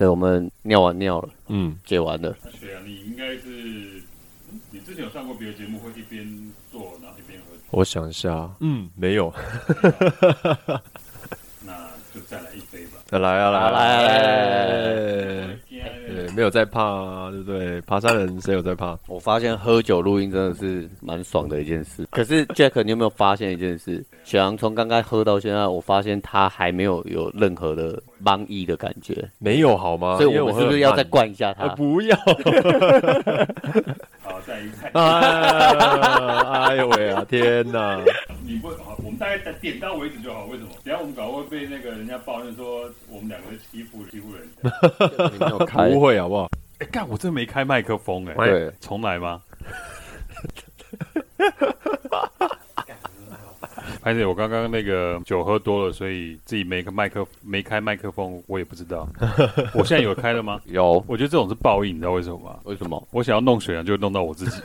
對，我們尿完尿了，嗯，解完了。那、啊、誰啊？你應該是，你之前有上過別的節目，會一邊做然後一邊喝？我想一下，嗯，沒有。那， 那就再來一次。啊來啊來啊來啊來、啊、來、啊來啊！對，沒有在怕啊，對不對？爬山人誰有在怕？我發現喝酒錄音真的是蠻爽的一件事。可是 Jack， 你有沒有發現一件事？雪羊從剛剛喝到現在，我發現他還沒有有任何的茫意的感覺，沒有好嗎？所以我是不是要再灌一下他？我啊、不要！ 好，再一來、 哎！哎呦喂！天哪！你不好，我們大概點到為止就好，為什麼？等下，我們搞不好被那個人家抱怨說我們兩個是欺負欺負人。 沒不會好不好？哎、欸，幹，我真沒開麥克風、欸，哎，對、欸，重來嗎？ 潘姐，我剛剛那個酒喝多了，所以自己沒個麥克沒開麥克風，克風我也不知道。 我現在有開了嗎？有。我覺得這種是報應，你知道為什麼嗎？為什麼？我想要弄雪羊，就會弄到我自己。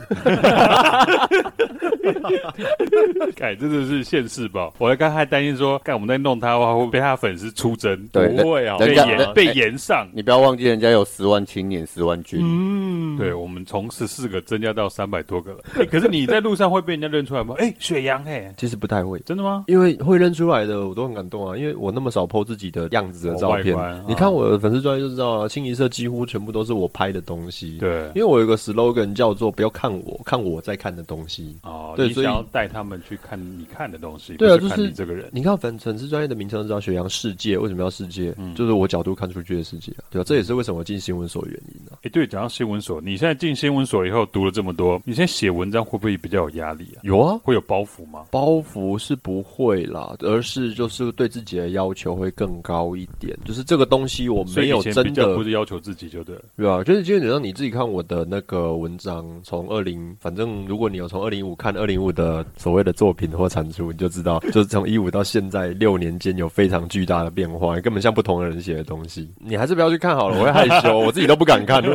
哎， 真的是現世報。我剛剛還擔心說，看我們在弄他的話會被他粉絲出征，對不會啊、哦？被延被延上、欸。你不要忘記，人家有十萬青年，十萬軍。嗯，對，我們從十四個增加到三百多個了、 欸。可是你在路上會被人家認出來嗎？哎、 欸，雪羊，哎、欸，其實不太會。真的嗎？因為會認出來的，我都很感動啊！因為我那麼少 po 自己的樣子的照片、哦，你看我的粉絲專業就知道了、嗯，清一色幾乎全部都是我拍的東西。對，因為我有一個 slogan 叫做“不要看我，看我在看的東西”。哦，對，所以要帶他們去看你看的東西，對，對啊就是、不是看你這個人。你看粉粉絲專業的名稱就知道“雪羊視界”，為什麼要“世界”？嗯，就是我角度看出去的世界、啊。對、啊、這也是為什麼我進新聞所的原因啊。哎，對，講到新聞所，你現在進新聞所以後讀了這麼多，你現在寫文章會不會比較有壓力啊？有啊，會有包袱嗎？包袱是。不會啦，而是就是對自己的要求會更高一點。就是這個東西我沒有真的以以不是要求自己，就對對吧、啊，就是今天你讓你自己看我的那個文章，從二零，反正如果你有從二零一五看二零一五的所謂的作品或產出，你就知道，就是從一五到現在六年間有非常巨大的變化， 根本像不同的人寫的東西。你還是不要去看好了，我會害羞， 我自己都不敢看。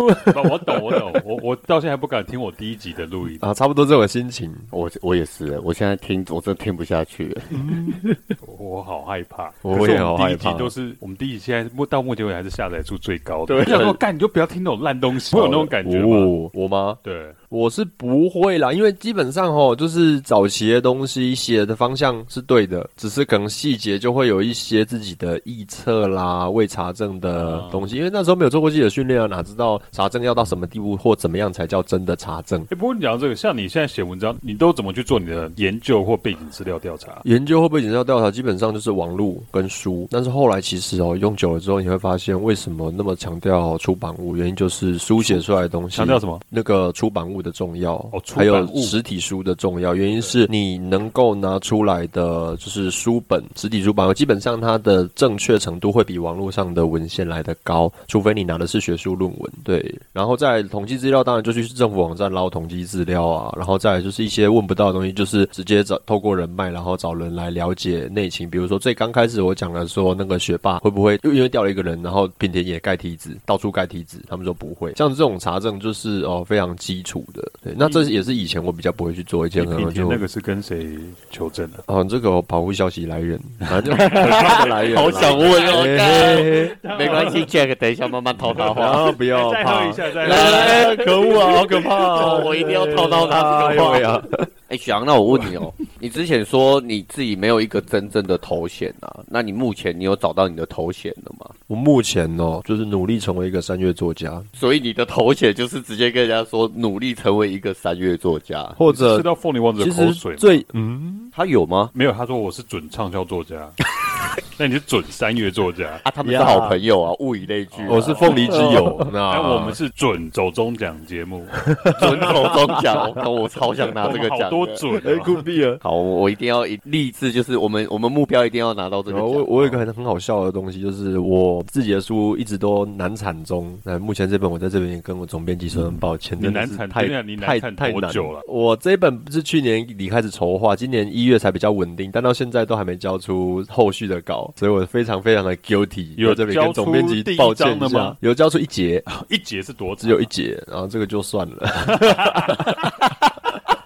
哦、我懂，我懂，我我到現在還不敢聽我第一集的錄音啊，差不多這種心情，我我也是，我現在聽我這。聽不下去， 我好害怕。我也好害怕。都是我們第一期，現在目到目前為止還是下載數最高的。我想說，幹你就不要聽那種爛東西，會有那種感覺嗎？哦？我嗎？對。我是不會啦，因為基本上吼，就是早期的東西寫的方向是對的，只是可能細節就會有一些自己的臆測啦、未查證的東西、嗯。因為那時候沒有做過記者訓練啊，哪知道查證要到什麼地步或怎麼樣才叫真的查證？哎、欸，不過你講這個，像你現在寫文章，你都怎麼去做你的研究或背景資料調查？研究或背景資料調查，基本上就是網路跟書。但是後來其實哦、喔，用久了之後，你會發現為什麼那麼強調出版物？原因就是書寫出來的東西強調什麼？那個出版物。的重要，還有實體書的重要原因，是你能夠拿出來的就是書本實體書本，基本上它的正確程度會比網絡上的文獻來得高，除非你拿的是學術論文。對，然後在統計資料，當然就去政府網站撈統計資料啊，然後再來就是一些問不到的東西，就是直接找透過人脈，然後找人來了解內情。比如說最剛開始我講了說那個雪霸會不會因為掉了一個人，然後品田也蓋梯子，到處蓋梯子，他們說不會。像這種查證就是哦、呃，非常基礎。對，那這也是以前我比較不會去做一件的。以前那個是跟誰求證的、啊？哦、啊，這個保、喔、護消息來人，反、啊、正就可靠的來源。 好想問，嘿嘿沒關係，Jack，等一下慢慢套他。話、啊，不要再一下再一下來，來來 可惡啊，好可怕啊、喔， 我一定要套到他的話呀。哎、啊，雪羊、啊欸、那我問你哦、喔， 你之前說你自己沒有一個真正的頭銜啊，那你目前你有找到你的頭銜了嗎？我目前哦、喔，就是努力成為一個山岳作家，所以你的頭銜就是直接跟人家說努力。成為一個三月作家，或者吃到鳳梨王子的口水。其實最，嗯，他有嗎？沒有，他說我是準暢銷作家。 那你是準三月作家啊？他們是好朋友啊，yeah. 物以類聚、啊。我是鳳梨之友， 那我們是準走鐘獎節目，準走鐘獎。 我超想拿這個獎，好多準！哎，酷斃了！好，我我一定要一立志，就是我們我們目標一定要拿到這個、啊。我我有一個很很好笑的東西，就是我自己的書一直都難產中。那、啊、目前這本，我在這邊也跟我總編輯說，很抱歉，嗯、你難產太你太太久了。太太我這一本不是去年你開始籌劃，今年一月才比較穩定，但到現在都還沒交出後續。的稿，所以我非常非常的 guilty，因為這裡跟總編輯抱歉一下，有交出一節，一節是多長啊，只有一節，然後這個就算了。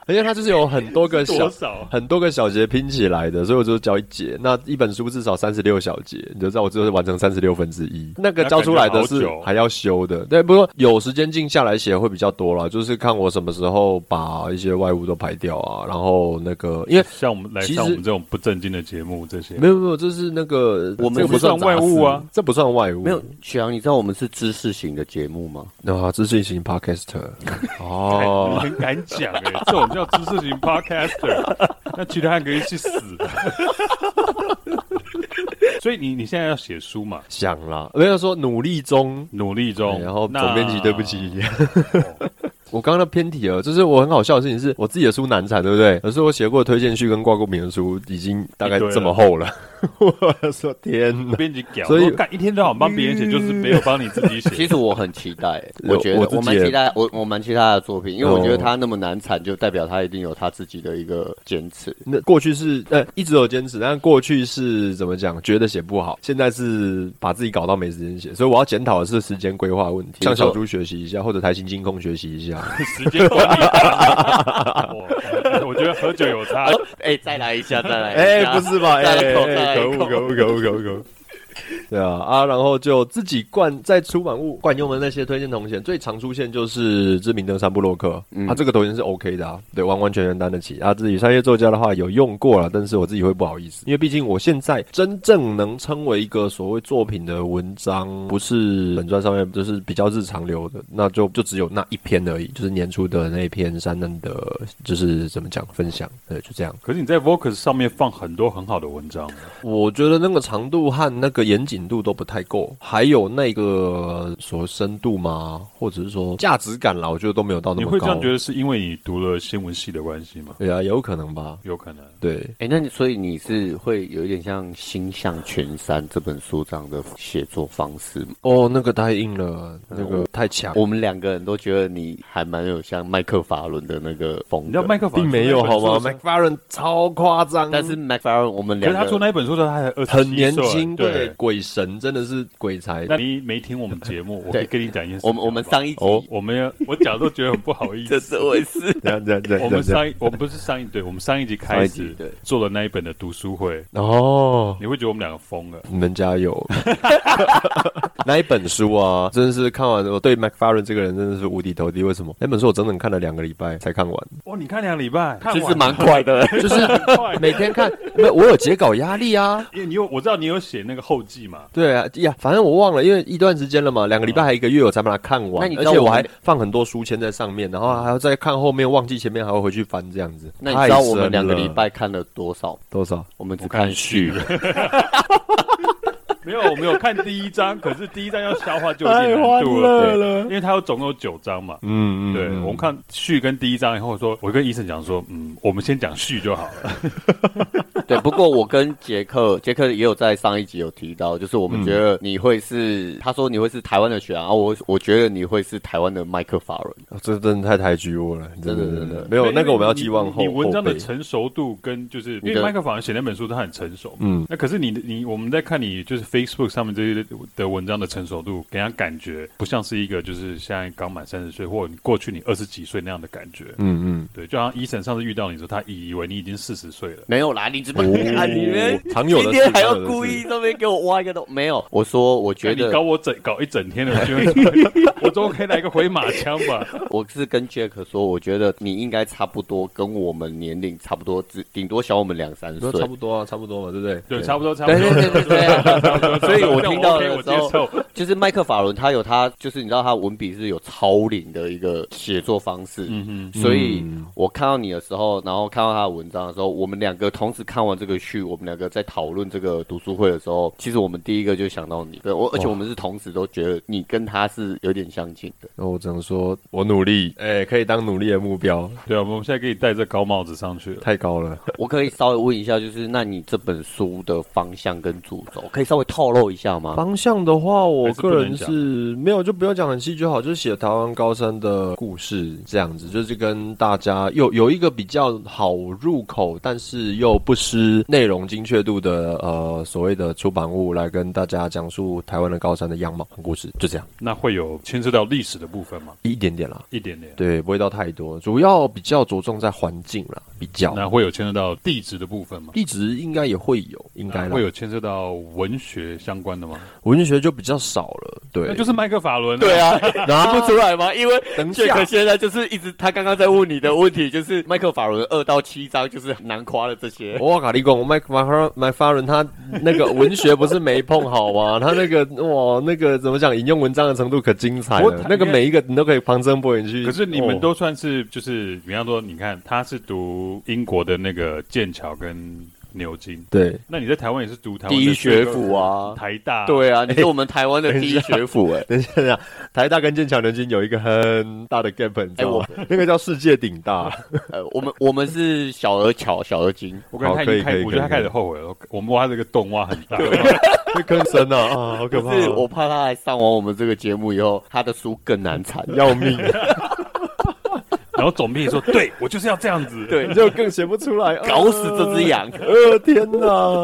因為它就是有很多個小多少很多個小節拼起來的，所以我就教一節。那一本書至少三十六小節，你就知道我最後是完成三十六分之一。那個交出來的是還要修的。對，不過有時間靜下來寫會比較多了，就是看我什麼時候把一些外物都排掉啊。然後那個，因為像我們來像我們這種不正經的節目，這些、啊、沒有沒有，就是那個我們不算，這算外物啊，這不算外物。沒有，雪羊，你知道我們是知識型的節目嗎？啊，知識型 podcaster 你很、 哦、敢講誒、欸， 這種。叫知識型 Podcaster，那其他還可以去死。 所以你你現在要寫書嘛？想啦，沒有說努力中，努力中。然後總編輯，對不起。 我剛剛的偏題了，就是我很好笑的事情，是我自己的書難產，對不對？可是我寫過的推薦序跟掛過名的書，已經大概這麼厚了。了我說天，編輯屌，所以幹一天到晚幫別人寫，就是沒有幫你自己寫。其實我很期待，我覺得我蠻期待我我蠻期待他的作品，因為我覺得他那麼難產，哦，就代表他一定有他自己的一個堅持。那過去是呃、欸、一直有堅持，但過去是怎麼講？覺得寫不好，現在是把自己搞到沒時間寫，所以我要檢討的是時間規劃問題。向小豬學習一下，或者台新金控學習一下。 時間觀念，我覺得喝酒有差、 哦。哎、欸，再來一下，再來一下。哎、欸，不是吧？哎、欸，可惡，可惡，可惡，可惡，可惡。 對啊，啊，然後就自己慣在出版物慣用的那些推薦頭銜，最常出現就是知名登山部落客，他、嗯啊、這個頭銜是 OK 的啊，對，完完全全擔得起啊。自己商業作家的話，有用過了，但是我自己會不好意思，因為畢竟我現在真正能稱為一個所謂作品的文章，不是本傳上面，就是比較日常流的，那就就只有那一篇而已，就是年初的那一篇山難的，就是怎麼講分享，對，就這樣。可是你在 Vocus 上面放很多很好的文章，啊，我覺得那個長度和那個嚴謹度都不太夠，還有那個什麼深度嗎？或者是說價值感啦？我覺得都沒有到那麼高。你會這樣覺得是因為你讀了新聞系的關係嗎？對、欸、啊，有可能吧，有可能。對，哎、欸，那你所以你是會有一點像《心向群山》這本書這樣的寫作方式嗎？哦，那個太硬了，那個太強。我們兩個人都覺得你還蠻有像麥克法倫的那個風格。麥克法並沒有好嗎？麥克法倫超誇張，但是麥克法倫我們兩個，可是他做那一本書的時候很年輕，對。鬼神真的是鬼才，那你沒聽我們節目， 我可以跟你講一下。我們我們上一集，哦、我們要我講都覺得很不好意思。 這是對對對，我們上一我們不是上一對，我們上一集開始集對做了那一本的讀書會。哦，你會覺得我們兩個瘋了。你們家有 那一本書啊？真是看完，我對麥克法倫這個人真的是五體投地。為什麼那本書我整整看了兩個禮拜才看完？哦，你看兩個禮拜，其實蠻快的， 就是每天看。沒有，我有截稿壓力啊，因 為你有我知道你有寫那個後。對啊，呀，反正我忘了，因為一段時間了嘛，兩個禮拜還有一個月，我才把它看完，嗯。而且我還放很多書籤在上面，然後還要再看後面，忘記前面，還要回去翻這樣子。那你知道我們兩個禮拜看了多少？多少？我們只看續。 沒有，我沒有看第一章，可是第一章要消化就有點難度了，了對，因為它有總共有九章嘛。嗯嗯，嗯，對，我們看序跟第一章以後說，說我跟醫生講說，嗯，我們先講序就好了。 對，不過我跟杰克，杰克也有在上一集有提到，就是我們覺得你會是，嗯、他說你會是台灣的雪啊我，我我覺得你會是台灣的麥克法蘭，啊。這真的太抬舉我了，真的真的沒有那個我們要寄望後你。你文章的成熟度跟就是，你因為麥克法蘭寫那本書他很成熟，嗯，那可是你你我們在看你就是。Facebook 上面這些的文章的成熟度，給人感覺不像是一個就是現在剛滿三十歲，或你過去你二十幾歲那樣的感覺。嗯嗯，對，就好像 Eason 上次遇到你的時候，他以為你已經四十歲了。沒有啦，你怎麼、啊？你們、哦、常有的今天還要故意那邊給我挖一個洞。 沒有。我說，我覺得你搞我整搞一整天的。 我總可以來個回馬槍吧？我是跟 Jack 說，我覺得你應該差不多跟我們年齡差不多，只頂多小我們兩三歲。差不多啊，差不多嘛，對不對？對，對對對對對 差不多，差不多，對對對。所以我聽到了之後，就是麥克法倫，他有他，就是你知道他文筆是有超齡的一個寫作方式。嗯嗯。所以我看到你的時候，然後看到他的文章的時候，我們兩個同時看完這個序，我們兩個在討論這個讀書會的時候，其實我們第一個就想到你，對，我而且我們是同時都覺得你跟他是有點。相近的，那我只能說，我努力，哎、欸，可以當努力的目標。對啊，我們現在可以戴着高帽子上去，太高了。我可以稍微問一下，就是那你這本書的方向跟主軸可以稍微透露一下嗎？方向的話，我個人是沒有，就不要講很細就好，就是寫台灣高山的故事這樣子，就是跟大家有有一個比較好入口，但是又不失內容精確度的，呃，所謂的出版物來跟大家講述台灣的高山的樣貌跟故事，就這樣。那會有。牽涉到歷史的部分嗎？一點點啦，一點點。對，不會到太多，主要比較着重在環境啦，比較。那會有牽涉到地質的部分嗎？地質應該也會有，應該會有牽涉到文學相關的嗎？文學就比較少了，對。那就是麥克法倫、啊，對啊，拿、啊、不出來嗎？因為傑、啊、克現在就是一直，他剛剛在問你的問題，就是麥克法倫二到七章就是很難誇的這些。我卡利工，我麥克法倫，法他那個文學不是沒碰好嗎？ 他那個哇，那個怎麼講？引用文章的程度可驚。我那個每一個你都可以旁徵博引去，可是你們都算是就是，比方說，哦，你看他是讀英國的那個劍橋跟，牛津，對。那你在台灣也是讀台的是台、啊、第一學府啊，台大、啊。對啊，你是我們台灣的第一學府哎、欸。欸、等一下，等一下。台大跟劍橋、牛津有一個很大的 gap，你知道嗎？欸、那個叫世界頂大。呃、欸，我, 我們我們是小而巧，小而精。我剛才開，我覺得他開始後悔了，我們挖這個洞挖很大，會坑深啊，好可怕、啊。可是我怕他來上完我們這個節目以後，他的書更難產，要命。 然後總編輯說：“ 對，我就是要這樣子，對，就更寫不出來， 啊、搞死這隻羊。啊”呃，天吶。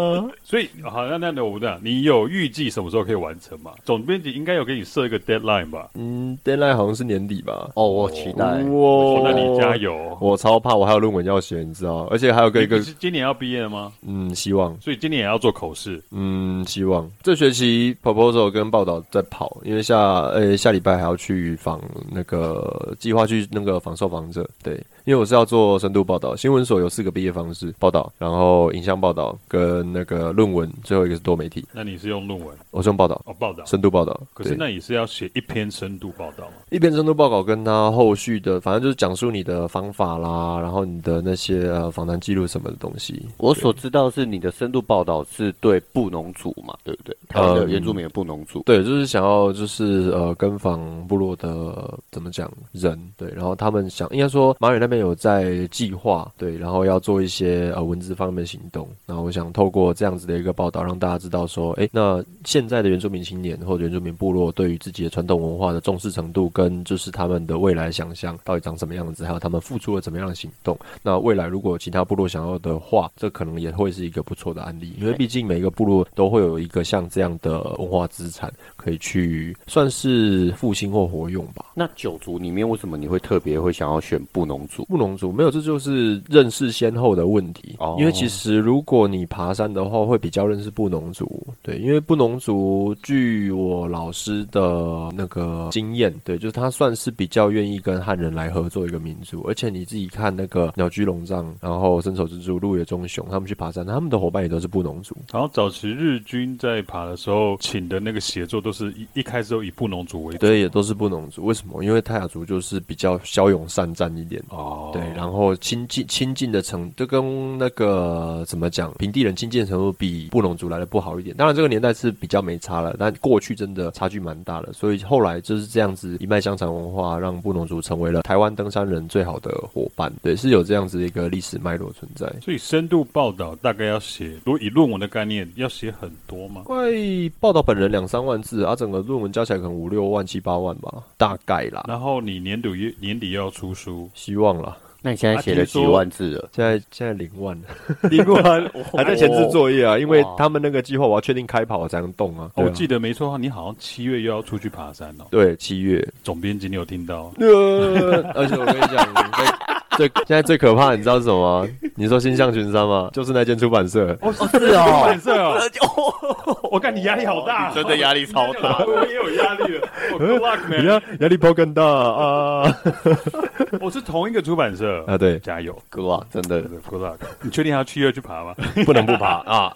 所以好像那那我不知道，你有預計什麼時候可以完成嗎？總編輯應該有給你設一個 deadline 吧？嗯，deadline 好像是年底吧？哦，我期待，哦那你加油，我超怕，我還有論文要寫，你知道？而且還有個一個今年要畢業了嗎？嗯，希望。所以今年也要做口試？嗯，希望。這學期 proposal 跟報道在跑，因為下呃、欸、下禮拜還要去訪那個計劃去那個訪售房。對。因為我是要做深度報道，新聞所有四個畢業方式：報道，然後影像報道跟那個論文，最後一個是多媒體。那你是用論文？我是用報道。哦，報道，深度報道。可是那你是要寫一篇深度報道嗎？一篇深度報道跟他後續的，反正就是講述你的方法啦，然後你的那些呃訪談記錄什麼的東西。我所知道是你的深度報道是對布農族嘛，對不對？他的原住民的布農族、呃。對，就是想要就是呃跟訪部落的怎麼講人，對，然後他們想應該說馬尾那邊，有在計劃，對，然後要做一些呃文字方面的行動。那我想透過這樣子的一個報道，讓大家知道說，誒，那現在的原住民青年或者原住民部落對於自己的傳統文化的重視程度，跟就是他們的未來想象到底長什麼樣子，還有他們付出了怎麼樣的行動。那未來如果有其他部落想要的話，這可能也會是一個不錯的案例，因為畢竟每一個部落都會有一個像這樣的文化資產。可以去算是復興或活用吧。那九族裡面，為什麼你會特別會想要選布農族？布農族沒有，這就是認識先後的問題。哦，Oh，因為其實如果你爬山的話，會比較認識布農族。對，因為布農族據我老師的那個經驗，對，就是他算是比較願意跟漢人來合作一個民族。而且你自己看那個鳥居龍藏，然後森丑之助、鹿野忠雄，他們去爬山，他們的夥伴也都是布農族。然後早期日軍在爬的時候，請的那個協作都就是一一開始都以布農族為主，對，也都是布農族、哦。為什麼？因為泰雅族就是比較驍勇善戰一點哦。對，然後親近親近的程度，就跟那個怎麼講，平地人親近的程度比布農族來的不好一點。當然這個年代是比較沒差了，但過去真的差距蠻大的。所以後來就是這樣子一脈相承文化，讓布農族成為了台灣登山人最好的夥伴。對，是有這樣子一個歷史脈絡存在。所以深度報道大概要寫，如果以論文的概念要寫很多嗎？快報道本人兩三萬字。啊，整個論文加起來可能五六萬七八萬吧，大概啦。然後你年度年底又要出書，希望啦。那你現在寫了幾萬字了、啊？現在現在零萬，零萬還在前置作業啊。因為他們那個計劃，我要確定開跑我才能動啊。哦、我記得沒錯，你好像七月又要出去爬山哦。對，七月總編輯，你有聽到、啊？ 而且我跟你講。 最現在最可怕，你知道是什麼、啊？你說星象群山嗎？就是那間出版社。哦，是啊、哦哦，出版社、哦哦哦、啊。我看你壓力好大，真的壓力超大。我、啊、也有壓力了。Good luck 壓力坡更大啊。我是同一個出版社啊。對，加油，Good luck，真的。Good luck，你確定他七月去爬嗎？不能不爬啊。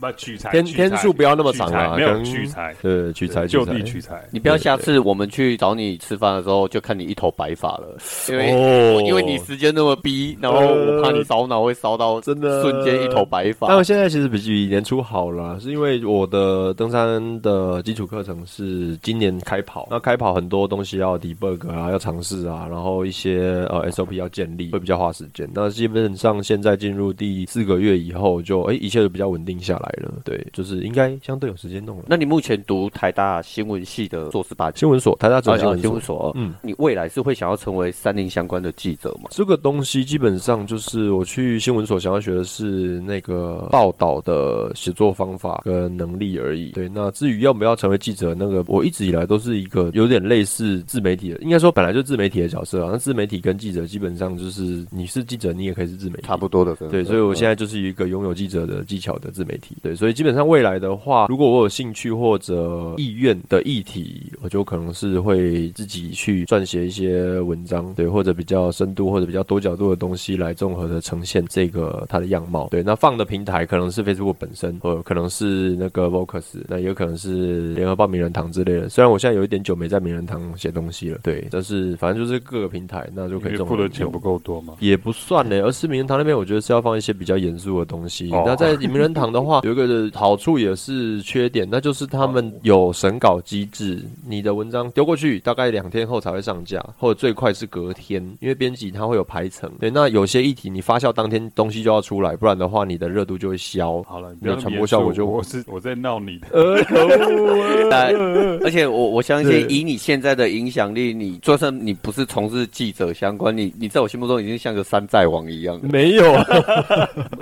把 取材。天材天數不要那麼長啊。取材沒有取材，對，取材。就地取材，你不要下次我們去找你吃飯的時候就看你一頭白髮了，因為、哦、因為你時。時間那麼逼，然後我怕你燒腦會燒到真的瞬間一頭白髮、呃。那我現在其實比起年初好了，是因為我的登山的基礎課程是今年開跑，那開跑很多東西要 debug 啊，要嘗試啊，然後一些呃 SOP 要建立，會比較花時間。那基本上現在進入第四個月以後就，就哎一切都比較穩定下來了。對，就是應該相對有時間弄了。那你目前讀台大新聞系的碩士班，新聞所，台大主要新、啊、新聞所，嗯，你未來是會想要成為山林相關的記者嗎？是。這個東西基本上就是我去新聞所想要學的是那個報道的寫作方法跟能力而已。對，那至於要不要成為記者，那個我一直以來都是一個有點類似自媒體的，應該說本來就自媒體的角色啊。那自媒體跟記者基本上就是你是記者，你也可以是自媒體，差不多的對。對，所以我現在就是一個擁有記者的技巧的自媒體。對，所以基本上未來的話，如果我有興趣或者意願的議題，我就可能是會自己去撰寫一些文章，對，或者比較深度或者。比較多角度的東西來綜合的呈現這個它的樣貌。對，那放的平台可能是 Facebook 本身，呃，可能是那個 Vocus，那也有可能是聯合報名人堂之類的。雖然我現在有一點久沒在名人堂寫東西了，對，但是反正就是各個平台，那就可以。付的錢不夠多嗎？也不算嘞，而是名人堂那邊我覺得是要放一些比較嚴肅的東西。Oh, 那在名人堂的話，oh. 有一個好處也是缺點，那就是他們有審稿機制，你的文章丟過去，大概兩天後才會上架，或者最快是隔天，因為編輯他會。有排程，對，那有些議題你發酵當天東西就要出來，不然的話你的熱度就會消，好了，你的傳播效果就，我是我在鬧你的。的、啊呃。而且我我相信以你現在的影響力，你就算你不是從事記者相關，你你在我心目中已經像個山寨王一樣。沒有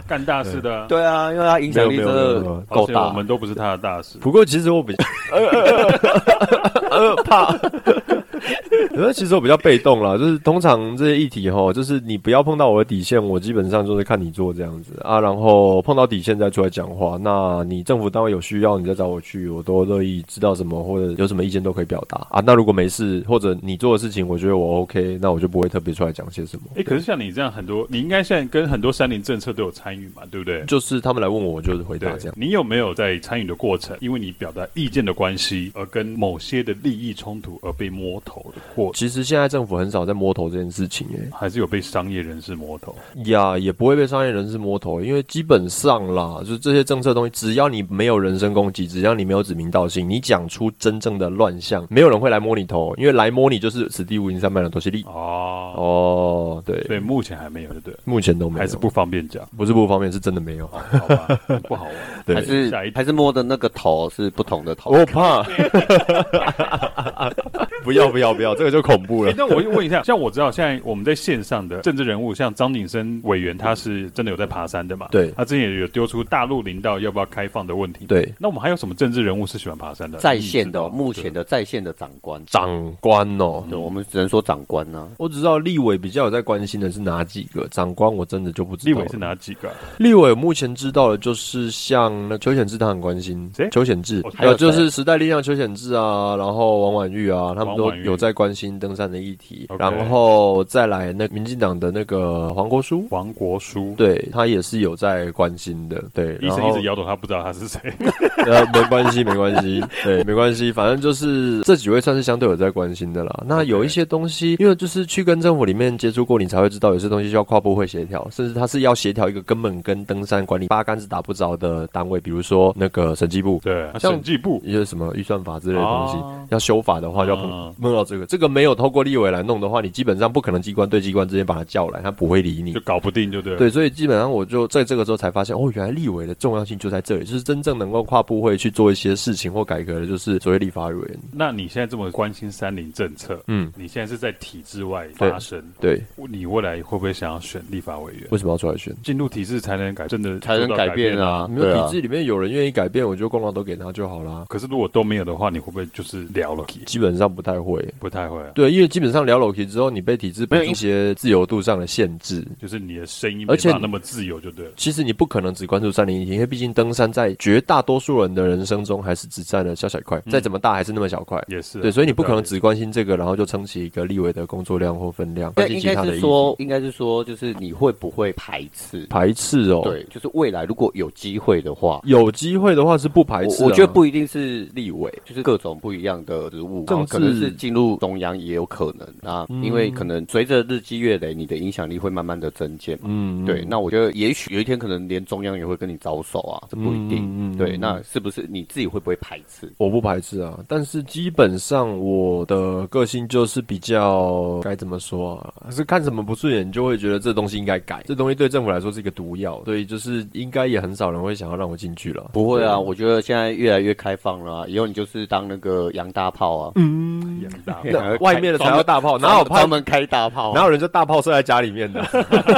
幹 大事的、啊對，對啊，因為他影響力真的夠大，我們都不是他的大事。不過其實我比較呃呃、 呃、怕。 因 其實我比較被動啦，就是通常這些議題哈、哦，就是你不要碰到我的底線，我基本上就是看你做這樣子啊，然後碰到底線再出來講話。那你政府單位有需要，你再找我去，我都樂意知道什麼或者有什麼意見都可以表達啊。那如果沒事或者你做的事情我覺得我 OK，那我就不會特別出來講些什麼。哎、欸，可是像你這樣，很多你應該現在跟很多山林政策都有參與嘛，對不對？就是他們來問我，我就是回答這樣、嗯。你有沒有在參與的過程，因為你表達意見的關係，而跟某些的利益衝突而被摸頭的其實現在政府很少在摸頭這件事情、欸，哎，還是有被商業人士摸頭呀，yeah, 也不會被商業人士摸頭，因為基本上啦，就是這些政策東西，只要你沒有人身攻擊，只要你沒有指名道姓，你講出真正的亂象，沒有人會來摸你頭，因為來摸你就是此地無銀三百兩，多犀利哦。哦，oh, oh, 對，所以目前還沒有，對，目前都沒有，還是不方便講，不是不方便，是真的沒有，啊、好吧，不好玩， 對，還是還是摸的那個頭是不同的頭，我怕。 不要不要不要，這個就恐怖了、 欸。那我又問一下，像我知道現在我們在線上的政治人物，像張景森委員，他是真的有在爬山的嘛？對，他之前也有丟出大陸林道要不要開放的問題。對，那我們還有什麼政治人物是喜歡爬山的？在線的、喔，目前的在線的長官，長官哦、喔嗯，我們只能說長官啊、嗯。我只知道立委比較有在關心的是哪幾個長官，我真的就不知道立委是哪幾個、啊。立委目前知道的就是像那邱顯智他很關心誰？邱顯智。還有就是時代力量邱顯智啊，然後王婉諭啊，他們。都有在關心登山的議題，Okay. 然後再來那民進黨的那個黃國書。黃國書對他也是有在關心的，對。醫生醫生一直一直搖頭，他不知道他是誰 、呃。沒關係，沒關係，對，沒關係，反正就是這幾位算是相對有在關心的啦。Okay. 那有一些東西，因為就是去跟政府裡面接觸過，你才會知道有些東西需要跨部會協調，甚至他是要協調一個根本跟登山管理八竿子打不着的單位，比如說那個審計部，對，審計部一些什麼預算法之類的東西、啊、要修法的話、嗯，要。夢到這個，這個沒有透過立委來弄的話，你基本上不可能機關對機關之間把他叫來，他不會理你，就搞不定，對了。對？對，所以基本上我就在這個時候才發現，哦，原來立委的重要性就在這裡，就是真正能夠跨部會去做一些事情或改革的，就是所謂立法委員。那你現在這麼關心山林政策，嗯，你現在是在體制外發聲，對，對，你未來會不會想要選立法委員？為什麼要出來選？進入體制才能改，真的變、啊、才能改變啊！你說體制裡面有人願意改變，我就功勞都給他就好了、啊。可是如果都沒有的話，你會不會就是聊了？基本上不。不太會，不太會。對，因為基本上聊樓題之後，你被體制被一些自由度上的限制，就是你的聲音，沒有那麼自由，就對。其實你不可能只關注三零一，因為畢竟登山在絕大多數人的人生中，還是只占了小小塊，再怎麼大，還是那麼小塊。也是對，所以你不可能只關心這個，然後就撐起一個立委的工作量或分量。但應該是說，應該是說，就是你會不會排斥？排斥哦，對，就是未來如果有機會的話，有機會的話是不排斥、啊我。我覺得不一定是立委，就是各種不一樣的職務，甚至。是進入中央也有可能啊，因為可能隨着日積月累，你的影響力會慢慢的增減。嗯，對。那我覺得也許有一天可能連中央也會跟你招手啊，這不一定。嗯，對，那是不是你自己會不會排斥？我不排斥啊，但是基本上我的個性就是比較該怎麼說啊？是看什麼不順眼就會覺得這東西應該改，這東西對政府來說是一個毒藥，所以就是應該也很少人會想要讓我進去了。不會啊，我覺得現在越來越開放了啊，以後你就是當那個洋大炮啊。嗯。 嗯、外面的才叫大炮，哪有他們開大炮？哪有人家大炮射在家裡面的？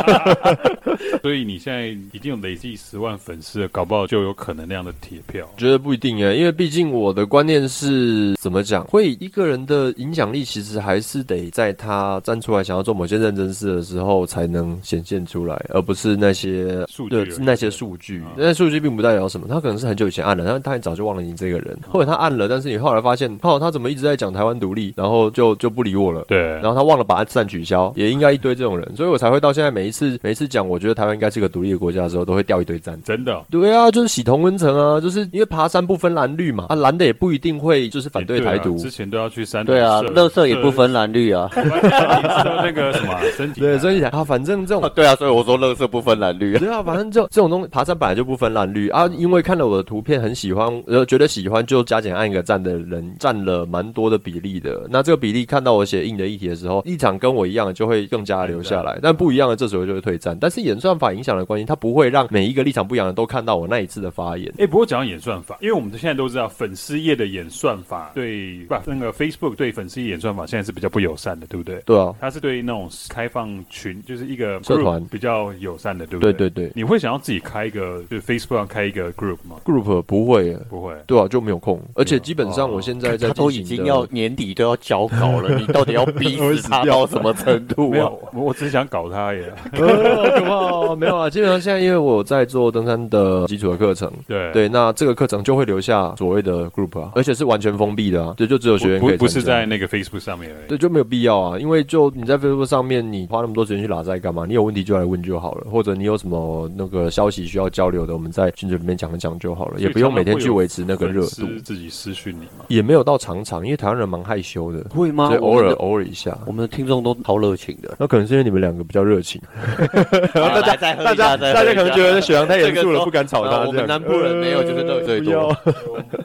所以你現在已經有累計十萬粉絲了，搞不好就有可能那樣的鐵票。我覺得不一定哎，因為畢竟我的觀念是怎麼講？會一個人的影響力，其實還是得在他站出來想要做某些認真事的時候，才能顯現出來，而不是那些數據。那些數據，那些數據並不代表什麼。他可能是很久以前按了，他他也早就忘了你這個人。後、嗯、來他按了，但是你後來發現，哦，他怎麼一直在講台灣獨？獨立，然後就就不理我了。對、啊，然後他忘了把讚取消，也應該一堆這種人，所以我才會到現在每一次每一次講，我覺得台灣應該是個獨立的國家的時候，都會掉一堆讚。真的？對啊，就是洗同溫層啊，就是因為爬山不分藍綠嘛，啊藍的也不一定會就是反對台獨，欸啊、之前都要去山。對啊，垃圾也不分藍綠啊。那個什麼身體？ 對，所以啊，反正這種啊對啊，所以我說垃圾不分藍綠。啊。 對啊，反正就這種東西，爬山本來就不分藍綠啊，因為看了我的圖片很喜歡，呃，覺得喜歡就加減按一個讚的人占了蠻多的比例的。的那這個比例，看到我寫硬的議題的時候，立場跟我一樣，的就會更加留下來；但不一樣的這時候就會退戰。嗯、但是演算法影響的關係，它不會讓每一個立場不一樣的都看到我那一次的發言。哎、欸，不過講到演算法，因為我們現在都知道粉絲頁的演算法對、啊、那個 Facebook 對粉絲頁演算法現在是比較不友善的，對不對？對啊，它是對於那種開放群，就是一個社團比較友善的，對不對？對對對，你會想要自己開一個，對、就是、Facebook 上開一個 group 嗎？Group 不會，不會，對啊，就沒有空。而且基本上我現在在都已經，他都已經要年底。你都要交稿了，你到底要逼死他到什麼程度啊？我 我只想搞他耶，好不好？沒有啊，基本上現在因為我在做登山的基礎的課程，對、啊、對，那這個課程就會留下所謂的 group 啊，而且是完全封閉的啊，對，就只有學員可以不，不是在那個 Facebook 上面，而已。對，就沒有必要啊，因為就你在 Facebook 上面，你花那麼多時間去拉在幹嘛？你有問題就來問就好了，或者你有什麼那個消息需要交流的，我們在群組裡面講一講就好了，也不用每天去維持那個熱度，自己私訊你嘛，也沒有到常常，因為台灣人蠻害。修的會嗎？所以偶爾偶爾一下，我們的聽眾都好熱情的。那可能是因為你們兩個比較熱情。 啊 啊、大家大家大家，大家可能覺得雪羊太嚴肅了， 不敢吵他、啊。我們南部人沒有覺得、呃就是、最多，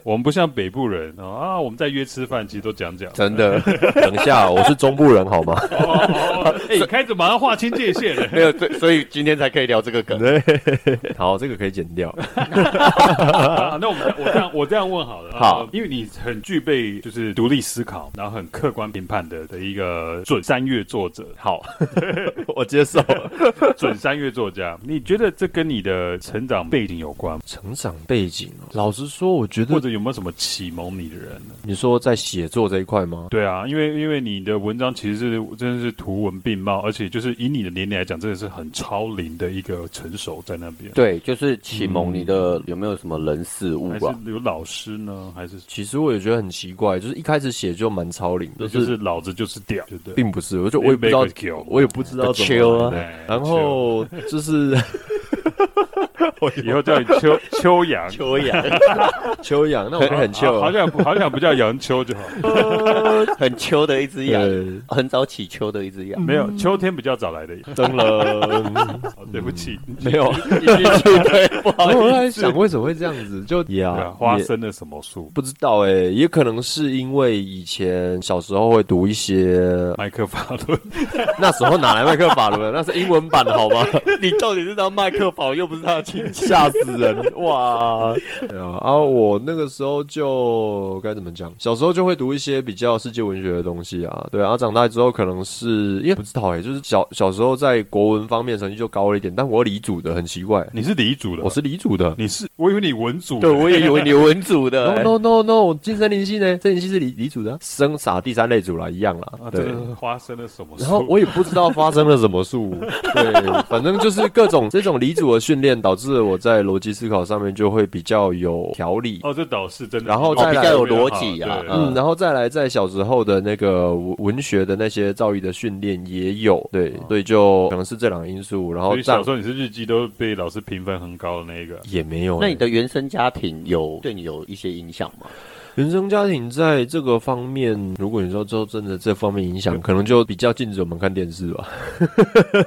我們不像北部人、哦、啊。我們在約吃飯，其實都講講。真的，哎、等一下我是中部人 好嗎？哎， 欸、所 開始馬上劃清界限了。沒有，對，所以今天才可以聊這個梗。 好，這個可以剪掉。那我們我這樣我這樣問好了。好，因為你很具備就是獨立思考。然後很客觀評判的的一個準三月作者，好， 我接受了 準三月作家。你覺得這跟你的成長背景有關嗎？成長背景、啊、老實說，我覺得或者有沒有什麼啟蒙你的人呢？你說在寫作這一塊嗎？對啊，因為因為你的文章其實是真的是圖文並茂，而且就是以你的年齡來講，真的是很超齡的一個成熟在那邊。對，就是啟蒙你的、嗯、有沒有什麼人事物啊？還是有老師呢？還是其實我也覺得很奇怪，就是一開始寫就。都蠻超齡，的，就是老子就是屌，對、就、對、是，並不是，我就我也不知道，也我也不知道怎、啊、麼，然後就是。 以後叫你秋秋羊，秋羊，秋羊， 那我覺得很秋、啊啊啊，好像好像不叫羊秋就好、哦，很秋的一隻羊，很早起秋的一隻羊、嗯，沒有，秋天比較早來的，登、嗯、冷、哦、對不起，嗯、沒有， 一一一一 對，我還想為什麼會這樣子，就呀、啊，花生了什麼樹。不知道哎、欸，也可能是因為以前小時候會讀一些麥克法倫， 那時候哪來麥克法倫？那是英文版的好嗎？ 你到底是知道麥克法又不是他的。嚇死人哇！對啊，啊我那個時候就該怎麼講？小時候就會讀一些比較世界文學的東西啊。對啊，啊長大之後可能是因為不知道哎、欸，就是小小時候在國文方面成績就高了一點。但我理組的很奇怪，你是理組的，我是理組的，你是？我以為你文組，對，我也以為你文組的。 no, no no no no，森林系呢？森林系是理理組的，生傻第三類組了一樣啦。啊、對，發生了什麼？然後我也不知道發生了什麼事。 對，反正就是各種這種理組的訓練導致。是我在邏輯思考上面就會比較有條理哦，這倒是真的。然後再來、哦、比較有邏輯啊嗯，嗯，然後再來在小時候的那個文學的那些造詣的訓練也有，對，所、嗯、以就可能是這兩個因素。然後，所以小時候你是日記都被老師評分很高的那個，也沒有、欸。那你的原生家庭有對你有一些影響嗎？原生家庭在這個方面，如果你說之後真的這方面影響，可能就比較禁止我們看電視吧。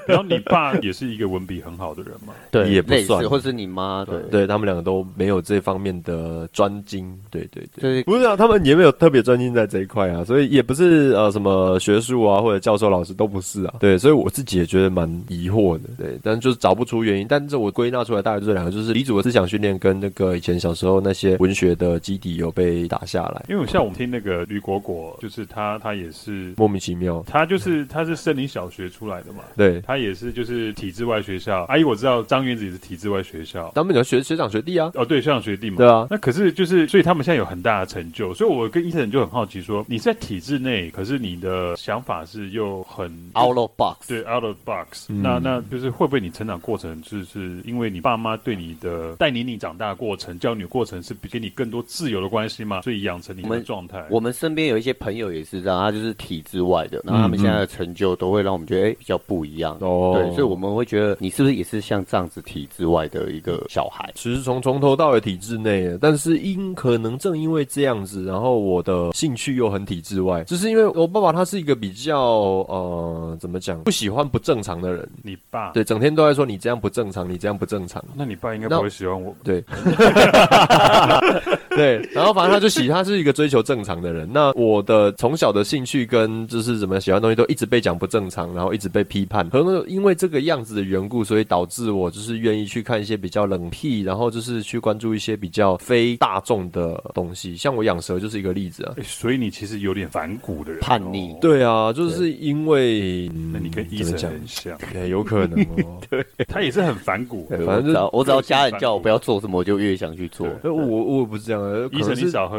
然 後你爸也是一個文筆很好的人嘛， 對，也不算，或是你媽，對，對他們兩個都沒有這方面的專精，對對對，對，不是啊，他們也沒有特別專精在這一塊啊，所以也不是呃什麼學術啊或者教授老師都不是啊，對，所以我自己也覺得蠻疑惑的，對，但就是找不出原因，但是我歸納出來大概就是兩個，就是理組的思想訓練跟那個以前小時候那些文學的基底有被打。下來，因為我像我們聽那個呂果果，就是他，他也是莫名其妙。他就是他是森林小學出來的嘛，對他也是就是體制外學校。阿姨，我知道張元子也是體制外學校，咱們有學學長學弟啊。哦，對，學長學弟嘛，對啊。那可是就是，所以他們現在有很大的成就。所以我跟醫生就很好奇說，你是在體制內，可是你的想法是又很 out of box，對 out of box。Of box 嗯、那那就是會不會你成長過程，就是因為你爸媽對你的帶你你長大的過程、教你過程，是比給你更多自由的關係嗎？養成你們的狀態，我們身邊有一些朋友也是這樣，他就是體制外的，那他們現在的成就都會讓我們覺得哎、欸、比較不一樣哦。對，所以我們會覺得你是不是也是像這樣子體制外的一個小孩？其實從從頭到尾體制內，但是因可能正因為這樣子，然後我的興趣又很體制外，只是因為我爸爸他是一個比較呃怎麼講，不喜歡不正常的人。你爸對，整天都在說你這樣不正常，你這樣不正常。那你爸應該不會喜歡我。對， 對，然後反正他就。 他是一個追求正常的人。那我的從小的興趣跟就是什麼喜歡東西都一直被講不正常，然後一直被批判。可能因為這個樣子的緣故，所以導致我就是願意去看一些比較冷僻，然後就是去關注一些比較非大眾的東西。像我養蛇就是一個例子啊。啊、欸。所以你其實有點反骨的人，叛逆。對啊，就是因為嗯，那你跟醫生講一下。 對，有可能、喔。 對他也是很反骨。反正只我只要家人叫我不要做什麼，我就越想去做。我我不是這樣啊， 醫生你少喝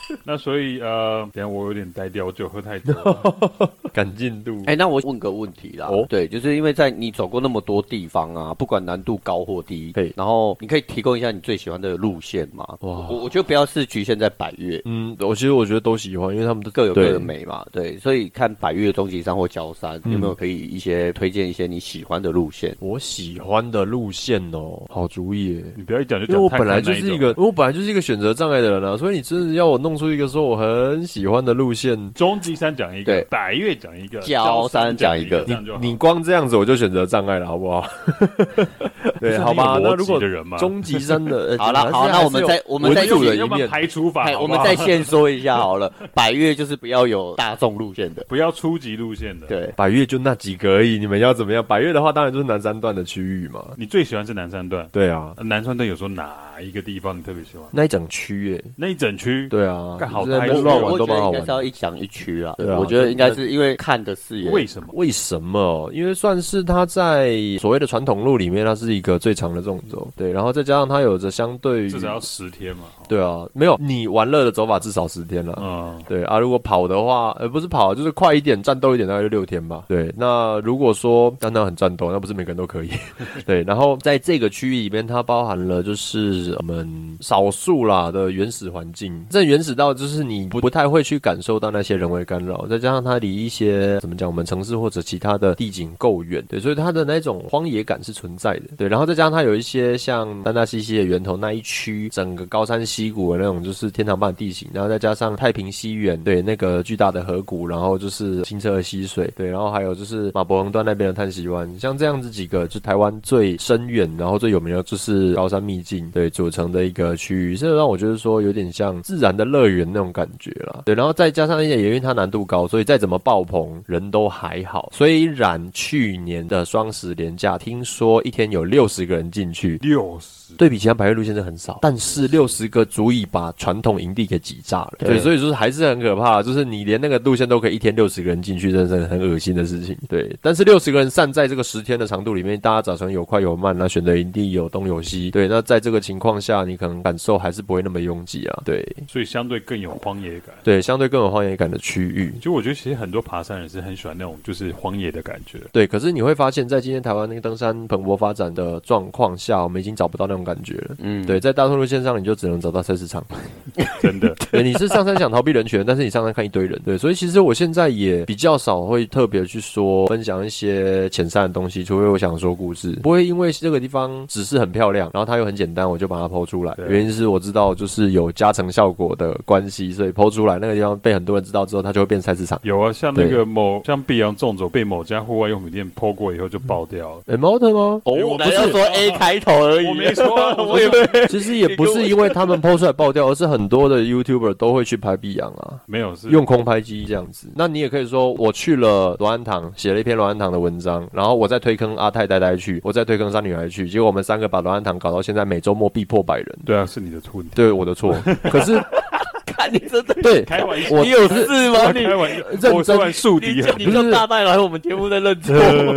那所以呃，等一下我有點呆掉，我酒喝太多了，趕 進度。哎、欸，那我問個問題啦。哦，對，就是因為在你走過那麼多地方啊，不管難度高或低，對，然後你可以提供一下你最喜歡的路線嘛。哇，我我覺得不要是局限在百岳。嗯，我其實我覺得都喜歡，因為他們都各有各的美嘛對。對，所以看百岳、中級山或郊山、嗯，有沒有可以一些推薦一些你喜歡的路線？我喜歡的路線哦，好主意。你不要一講就講。我本來就是一個，一我,本一個我本來就是一個選擇障礙的人啊，所以你真的要我。弄出一個說我很喜歡的路線，中級山講一個，對，百岳講一個，郊山講一個你，你光這樣子我就選擇障礙了，好不好？ 對，好吧， 那如果中級山的， 好了，好啦， 那我們再我們再做一遍排除法，我們再先說一, 一下好了，百 岳就是不要有大眾路線的，不要初級路線的，對，百岳就那幾個而已，你們要怎麼樣？百岳的話，當然就是南山段的區域嘛。你最喜歡是南山段，對啊，南山段有說哪一個地方你特別喜歡？那一整區域、欸，那一整區，對啊。幹、啊、好在亂玩都沒應玩，是要一講一區啊，對啊、嗯！我覺得應該是因為看的視野。為什麼？為什麼？因為算是他在所謂的傳統路裡面，它是一個最長的縱走，嗯。對，然後再加上它有着相對於至少要十天嘛。哦、對啊，沒有你玩樂的走法至少十天了。啊，嗯，對啊。如果跑的話，呃，不是跑，就是快一點，戰鬥一點，大概就六天吧。對，那如果說單單、啊、很戰鬥，那不是每個人都可以。 對，然後在這個區域裡面，它包含了就是我們少數啦的原始環境。嗯，這原。直到就是你不不太會去感受到那些人為干擾，再加上它離一些怎麼講，我們城市或者其他的地景夠遠，對，所以它的那種荒野感是存在的，對。然後再加上它有一些像丹大西溪的源頭那一區，整個高山溪谷的那種就是天堂般的地形，然後再加上太平溪源，對，那個巨大的河谷，然後就是清澈的溪水，對，然後還有就是馬博橫斷那邊的嘆息灣，像這樣子幾個，就台灣最深遠然後最有名的就是高山秘境，對，組成的一個區域，這讓我覺得說有點像自然的。樂園那種感覺啦，對，然後再加上一點，也因為它難度高，所以再怎麼爆棚人都還好。雖然去年的雙十連假聽說一天有六十個人進去，六十對比其他百岳路線是很少，但是六十個足以把傳統營地給擠炸了。對，對，所以說還是很可怕，就是你連那個路線都可以一天六十個人進去，真是很噁心的事情。對，但是六十個人散在這個十天的長度裡面，大家早晨有快有慢，啊，那選擇營地有東有西，對，那在這個情況下，你可能感受還是不會那麼擁擠啊。對，所以。相對更有荒野感，對，相對更有荒野感的區域，就我覺得其實很多爬山人是很喜歡那種就是荒野的感覺，對。可是你會發現，在今天台灣那個登山蓬勃發展的狀況下，我們已經找不到那種感覺了。嗯，對，在大通路線上，你就只能找到菜市場。真的 對，你是上山想逃避人群，但是你上山看一堆人，對。所以其實我現在也比較少會特別去說分享一些淺山的東西，除非我想說故事，不會因為這個地方只是很漂亮，然後它又很簡單，我就把它 PO 出來。原因是我知道就是有加成效果的。的關係，所以 PO 出來那個地方被很多人知道之後，它就會變菜市場。有啊，像那個某像畢羊縱走被某家戶外用品店 PO 過以後就爆掉了。o、欸、t 嗎？哦欸、我不是說 A、啊、開頭而已、啊。我沒說、啊，我，說我，我其實也不是因為他們 PO 出來爆掉，而是很多的 YouTuber 都會去拍畢羊啊。沒有，是用空拍機這樣子。那你也可以說，我去了羅安堂，寫了一篇羅安堂的文章，然後我再推坑阿泰呆呆去，我再推坑山女孩去，結果我們三個把羅安堂搞到現在每周末必破百人。對啊，是你的錯。對，我的錯。 可是。 你對開玩笑，你有事嗎？開玩笑你認真樹敵，你就大帶來我們節目在認錯、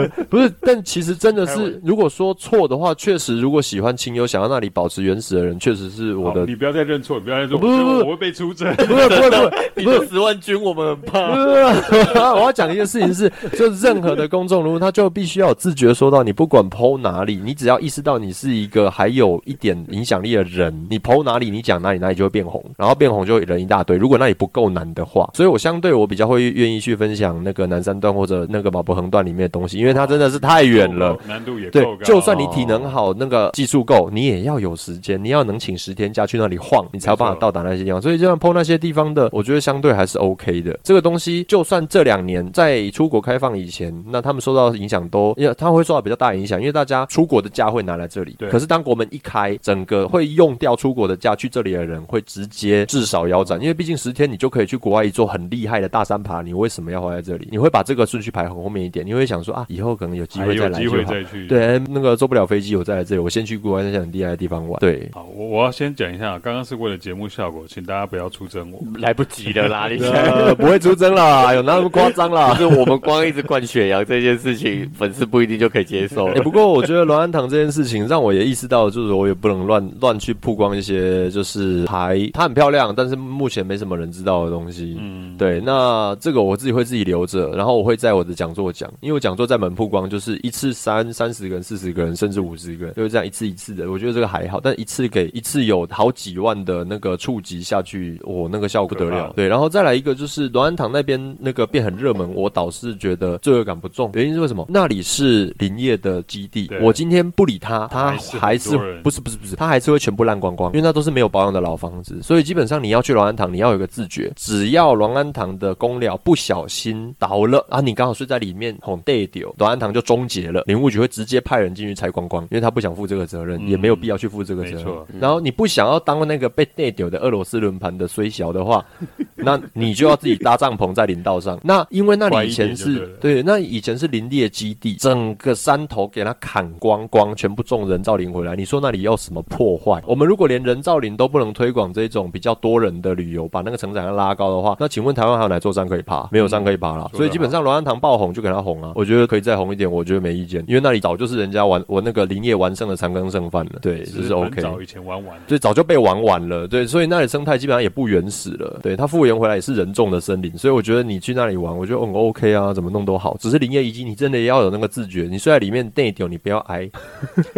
嗯，不是？但其實真的是，如果說錯的話，確實，如果喜歡清幽，想要那裡保持原始的人，確實是我的。你不要再認錯，你不要再說錯，不是不是不是，我會被出征。不是不是不是，你就十萬軍，我們很怕。 我要講一件事情是，就任何的公眾如果他就必須要有自覺，說到你不管剖哪裡，你只要意識到你是一個還有一點影響力的人，你剖哪裡，你講哪裡，哪裡就會變紅，然後變紅就。人一大堆，如果那裡不夠難的話，所以我相對我比較會願意去分享那個南三段或者那個寶博橫段裡面的東西，因為它真的是太遠了、哦，難度也夠高。就算你體能好，哦、那個技術夠，你也要有時間，你要能請十天假去那裡晃，你才有辦法到達那些地方。所以，就算 PO 那些地方的，我覺得相對還是 OK 的。這個東西，就算這兩年在出國開放以前，那他們受到影響都因為他們會受到比較大影響，因為大家出國的假會拿來這裡。對，可是當國門一開，整個會用掉出國的假去這裡的人，會直接至少要。因為畢竟十天，你就可以去國外一座很厲害的大山爬，你為什麼要花在這裡？你會把這個順序排很後面一點？你會想說啊，以後可能有機會再來去，機會再去。對，那個坐不了飛機，我再來這裡，我先去國外一些很厲害的地方玩。對，好，我我要先講一下，剛剛是為了節目效果，請大家不要出征我。來不及了啦， 你看、呃。 不會出征啦，有那麼誇張啦。就是我們光一直灌雪羊這件事情，粉絲不一定就可以接受了，欸。不過我覺得羅安堂這件事情，讓我也意識到，就是我也不能亂亂去曝光一些，就是還它很漂亮，但是。目前沒什麼人知道的東西，嗯，對，那這個我自己會自己留着，然後我會在我的講座講，因為我講座在門曝光就是一次三三十個人、四十個人，甚至五十個人，就是這樣一次一次的。我覺得這個還好，但一次給一次有好幾萬的那個觸及下去，我、哦、那個效果不得了。對，然後再來一個就是巒安堂那邊那個變很熱門，我倒是覺得罪惡感不重，原因是為什麼？那裡是林業的基地，我今天不理他，他還是，還是不是不是不是，他還是會全部爛光光，因為那都是沒有保養的老房子，所以基本上你要去。灤安堂，你要有個自覺。只要欒安堂的工寮不小心倒了啊，你剛好睡在裡面哄內丟，灤安堂就終結了。林務局會直接派人進去拆光光，因為他不想負這個責任、嗯，也沒有必要去負這個責任。然後你不想要當那個被內丟的俄羅斯輪盤的衰小的話、嗯，那你就要自己搭帳篷在林道上。 那因為那裡以前是，對，對，那以前是林地的基地，整個山頭給它砍光光，光全部種人造林回來。你說那裡有什麼破壞？ 我們如果連人造林都不能推廣這一種比較多人的旅遊把那個承載量拉高的話，那請問台灣還有哪座山可以爬？沒有山可以爬了、嗯啊，所以基本上羅漢堂爆紅就給他紅啊。我覺得可以再紅一點，我覺得沒意見，因為那裡早就是人家玩我那個林業完勝的殘羹剩飯了。對，就是 OK。早以前玩完了，所以早就被玩完了。對，所以那裡生態基本上也不原始了。對，他復原回來也是人種的森林，所以我覺得你去那裡玩，我覺得很 OK 啊，怎麼弄都好。只是林業，遺跡，你真的也要有那個自覺，你睡在裡面一丟，你不要挨。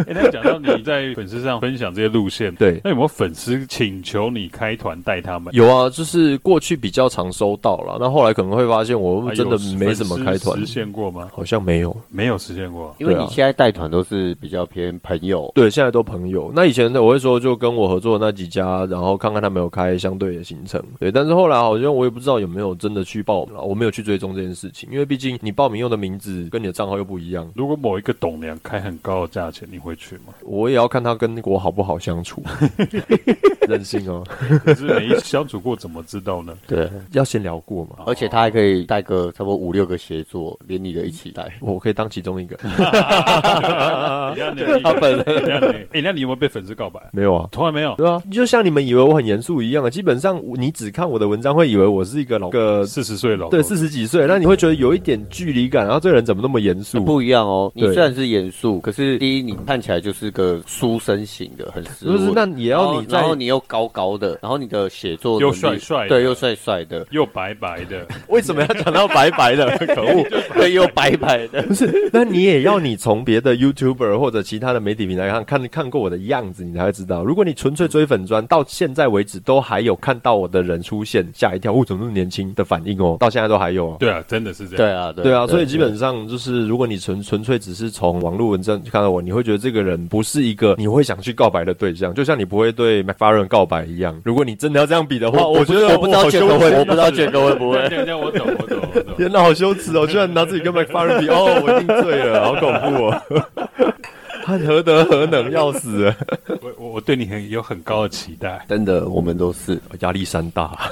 那、欸、講到你在粉絲上分享這些路線，對，那有沒有粉絲請求你開團帶他？有啊，就是過去比較常收到了，那後來可能會發現我真的沒怎麼開團、啊、實現過嗎？好像沒有，沒有實現過，因為你現在帶團都是比較偏朋友，對，現在都朋友。那以前我會說就跟我合作的那幾家，然後看看他們有開相對的行程，對。但是後來好像我也不知道有沒有真的去報名，我沒有去追蹤這件事情，因為畢竟你報名用的名字跟你的賬號又不一樣。如果某一個董娘開很高的價錢，你會去嗎？我也要看他跟我好不好相處， 任性哦、啊，可是相處過怎麼知道呢？對，要先聊過嘛。而且他還可以帶個差不多五六個協作連你的一起帶， 我可以當其中一個。這樣子，啊、 本來，這 哎，那你有沒有被粉絲告白、啊？沒有啊，從來沒有。對啊，就像你們以為我很嚴肅一樣啊。基本上你只看我的文章會以為我是一個老個四十歲老，對，四十幾歲。那、嗯、你會覺得有一點距離感，然後這個人怎麼那麼嚴肅？不一樣哦，你雖然是嚴肅，可是第一你看起來就是個書生型的，很斯文、不、就是，那也要你、喔，然後你又高高的，然後你的寫。做又帥帥，對，又帥帥的，又白白的。 為什麼要講到白白的？ 可惡！對，又白白的， 不是？那你也要你從別的 YouTuber 或者其他的媒體平台上看，看過我的樣子，你才會知道。如果你純粹追粉專，到現在為止都還有看到我的人出現，嚇一跳，哇，怎麼那麼年輕的反應哦？到現在都還有哦。對啊，真的是這樣。對啊，對啊。所以基本上就是，如果你純純粹只是從網絡文章看到我，你會覺得這個人不是一個你會想去告白的對象，就像你不會對 My Father 告白一樣。如果你真的要這樣。比的話，我覺得我不知道傑哥會不會，我不，我我不知道傑哥會不會。對對對，我我，我，我天哪，好羞恥哦！居然拿自己跟 Mac Farlane 比，哦，我一定醉了，好恐怖哦！ 他何德何能，要死！我我我對你很有很高的期待，真的，我們都是壓力山大。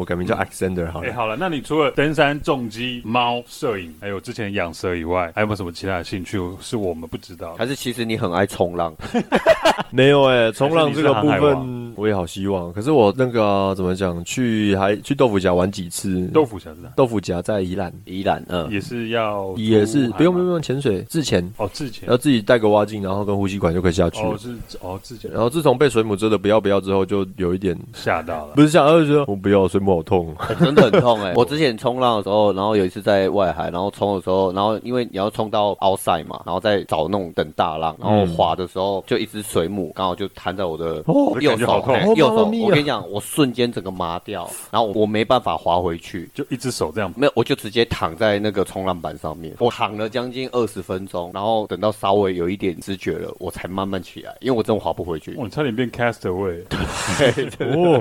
我改名叫 Alexander 好。哎、嗯欸，好了，那你除了登山、重機、貓、攝影，還有之前養蛇以外，還有沒有什麼其他的興趣是我們不知道？還是其實你很愛衝浪？ 沒有哎、欸，衝浪這個部分我也好希望。可是我那個、啊、怎麼講？去還去豆腐岬玩幾次？豆腐岬是哪？豆腐岬在宜蘭，宜蘭嗯、呃，也是要也是不用不用潛水，自潛哦，自潛，然後自己帶個蛙鏡，然後跟呼吸管就可以下去。哦是哦自潛。然後自從被水母蟄的不要不要之後，就有一點嚇到了，不是嚇，而是說我不要水母。好、哦、痛，真的很痛哎！我之前衝浪的時候，然後有一次在外海，然後衝的時候，然後因為你要衝到 outside 嘛，然後再找那種等大浪，然後滑的時候，就一隻水母剛好就彈在我的右手、哦哎哦媽媽咪啊，右手。我跟你講，我瞬間整個麻掉，然後我沒辦法滑回去，就一隻手這樣，沒有，我就直接躺在那個衝浪板上面，我躺了將近二十分鐘，然後等到稍微有一點知覺了，我才慢慢起來，因為我真的滑不回去，我、哦、差點變 cast away。對，對哦，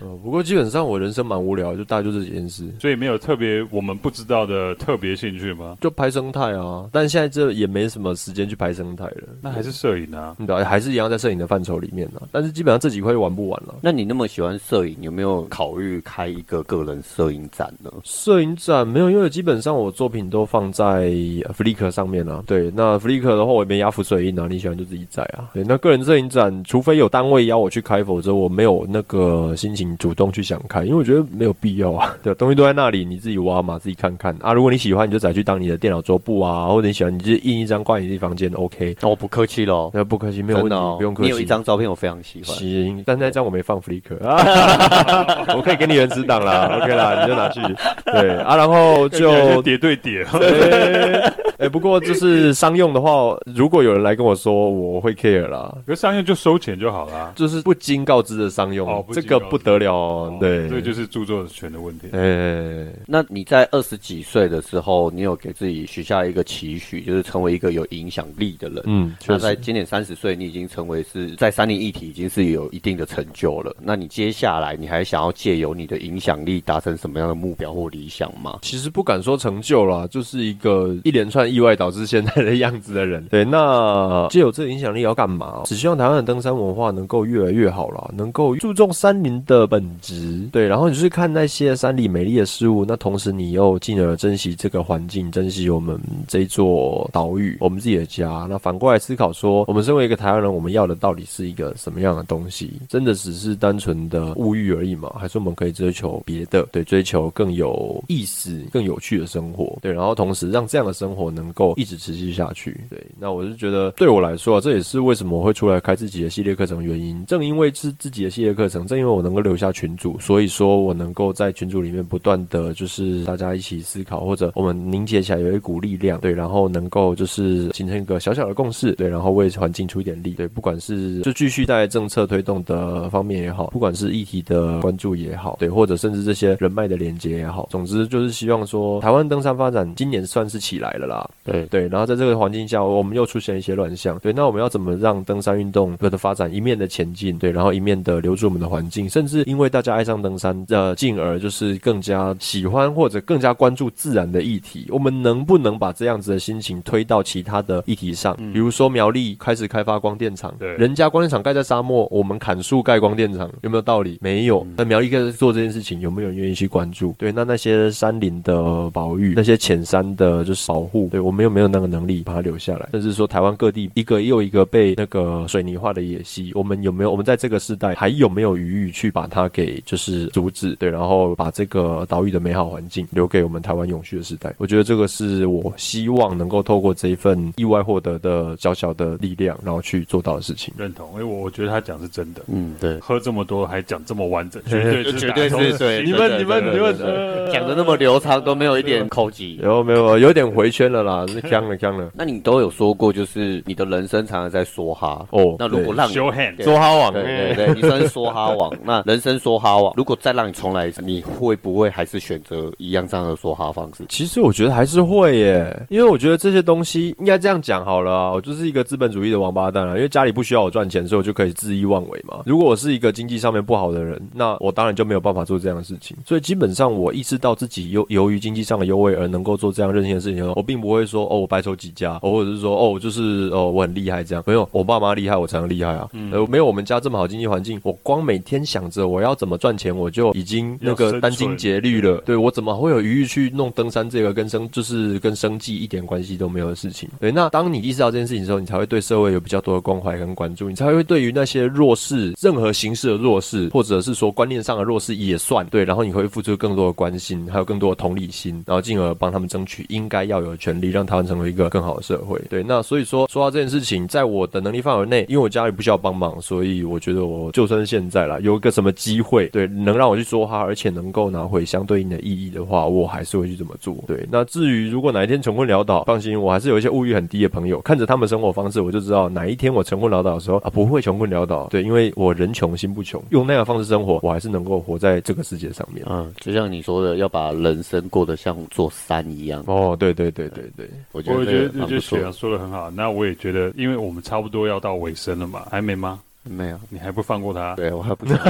哦，不過基本上我人。真蠻無聊，就大概就這幾件事，所以沒有特別我們不知道的特別興趣嗎？就拍生態啊，但現在這也沒什麼時間去拍生態了，那還是攝影啊、嗯，對，還是一樣在攝影的範疇裡面呢、啊。但是基本上這幾塊玩不完了、啊。那你那麼喜歡攝影，有沒有考慮開一個個人攝影展呢？攝影展沒有，因為基本上我作品都放在、啊、Flickr 上面啊。對，那 Flickr 的話，我也沒壓浮水印啊。你喜歡就自己載啊。對，那個人攝影展，除非有單位邀我去開，否則我沒有那個心情主動去想開，因為。覺得沒有必要啊，對，東西都在那裡，你自己挖嘛，自己看看啊。如果你喜歡，你就再去當你的電腦桌布啊，或者你喜歡，你就印一張掛你的房間，OK。那我不客氣嘍，那不客氣，沒有問題，哦、不用客氣。你有一張照片我非常喜歡，但那張我沒放 Flickr 啊， 我可以給你原始檔啦 o、okay、k 啦，你就拿去。 對啊，然後就疊對疊。哎，哎，哎哎哎哎、不過就是商用的話， 如果有人來跟我說，我會 care 啦。可是商用就收錢就好啦，就是不經告知的商用、哦，這個不得了、哦，對，就是。是著作權的問題。哎、欸欸欸欸，那你在二十幾歲的時候，你有給自己許下一個期許，就是成為一個有影響力的人。嗯，那在今年三十歲，你已經成為是在山林議題已經是有一定的成就了。那你接下來，你還想要借由你的影響力達成什麼樣的目標或理想嗎？其實不敢說成就啦，就是一個一連串意外導致現在的樣子的人。對，那借由這個影響力要幹嘛？只希望台灣的登山文化能夠越來越好啦，能夠注重山林的本質。對，然後。你就是看那些山裡美麗的事物，那同時你又進而珍惜這個環境，珍惜我們這座島嶼，我們自己的家。那反過來思考說，我們身為一個台灣人，我們要的到底是一個什麼樣的東西？真的只是單純的物欲而已嗎？還是我們可以追求別的？對，追求更有意思、更有趣的生活。對，然後同時讓這樣的生活能夠一直持續下去。對，那我就覺得對我來說，這也是為什麼我會出來開自己的系列課程的原因。正因為是自己的系列課程，正因為我能夠留下群組，所以說。我能夠在群組裡面不斷的就是大家一起思考，或者我們凝結起來有一股力量，對，然後能夠就是形成一個小小的共識，對，然後為環境出一點力，對，不管是就繼續在政策推動的方面也好，不管是議題的關注也好，對，或者甚至這些人脈的連接也好，總之就是希望說台灣登山發展今年算是起來了啦，對對，然後在這個環境下，我們又出現一些亂象，對，那我們要怎麼讓登山運動的發展一面的前進，對，然後一面的留住我們的環境，甚至因為大家愛上登山。呃，進而就是更加喜歡或者更加關注自然的議題。我們能不能把這樣子的心情推到其他的議題上？比如說苗栗開始開發光電廠，對，人家光電廠蓋在沙漠，我們砍樹蓋光電廠，有沒有道理？沒有。那苗栗開始做這件事情，有沒有人願意去關注？對，那那些山林的保育，那些淺山的，就是保護，對我們有沒有那個能力把它留下來。甚至說，台灣各地一個又一個被那個水泥化的野溪，我們有沒有？我們在這個時代還有沒有餘裕去把它給就是阻止？對，然後把這個島嶼的美好環境留給我們台灣永續的時代，我覺得這個是我希望能夠透過這一份意外獲得的小小的力量，然後去做到的事情。認同，因為我我覺得他講是真的。嗯，對，喝這麼多還講這麼完整，絕對是絕對是對你們你們你們你們對對對，你們你們講的那麼流暢都沒有一點口吃，有沒有有點回圈了啦，僵了僵了，了 那你都有說過，就是你的人生常常在梭哈哦，那如果讓你、hand. 梭哈網，對對對，對， 你算是梭哈網，那人生梭哈網，如果再讓重來一次，你會不會還是選擇一樣這樣的梭哈方式？其實我覺得還是會耶，因為我覺得這些東西應該這樣講好了，啊。我就是一個資本主義的王八蛋啊，因為家裡不需要我賺錢，所以我就可以恣意妄為嘛。如果我是一個經濟上面不好的人，那我當然就沒有辦法做這樣的事情。所以基本上，我意識到自己由由於經濟上的優位而能夠做這樣任性的事情，我並不會說哦，我白手起家，或者是說哦我就是哦我很厲害這樣。沒有我爸媽厲害，我才能厲害啊。嗯，沒有我們家這麼好經濟環境，我光每天想着我要怎麼賺錢，我就。已經那個殫精竭慮了，對我怎麼會有餘裕去弄登山這個跟生就是跟生計一點關係都沒有的事情？對，那當你意識到這件事情的時候，你才會對社會有比較多的關懷跟關注，你才會對於那些弱勢，任何形式的弱勢，或者是說觀念上的弱勢也算對，然後你會付出更多的關心，還有更多的同理心，然後進而幫他們爭取應該要有的權利，讓他們成為一個更好的社會。對，那所以說說到這件事情，在我的能力範圍內，因為我家裡不需要幫忙，所以我覺得我就算是現在了，有一個什麼機會，對，能讓我。去說他，而且能夠拿回相對應的意義的話，我還是會去這麼做。對，那至於如果哪一天窮困潦倒，放心，我還是有一些物欲很低的朋友，看着他們生活方式，我就知道哪一天我窮困潦倒的時候啊，不會窮困潦倒。對，因為我人窮心不窮，用那個方式生活，我還是能夠活在這個世界上面。嗯，就像你說的，要把人生過得像座山一樣。哦，對對對對對，對我覺得這我覺得雪羊說的很好。那我也覺得，因為我們差不多要到尾聲了嘛，嗯、還沒嗎？沒有，你還不放過他？對，我還不知道。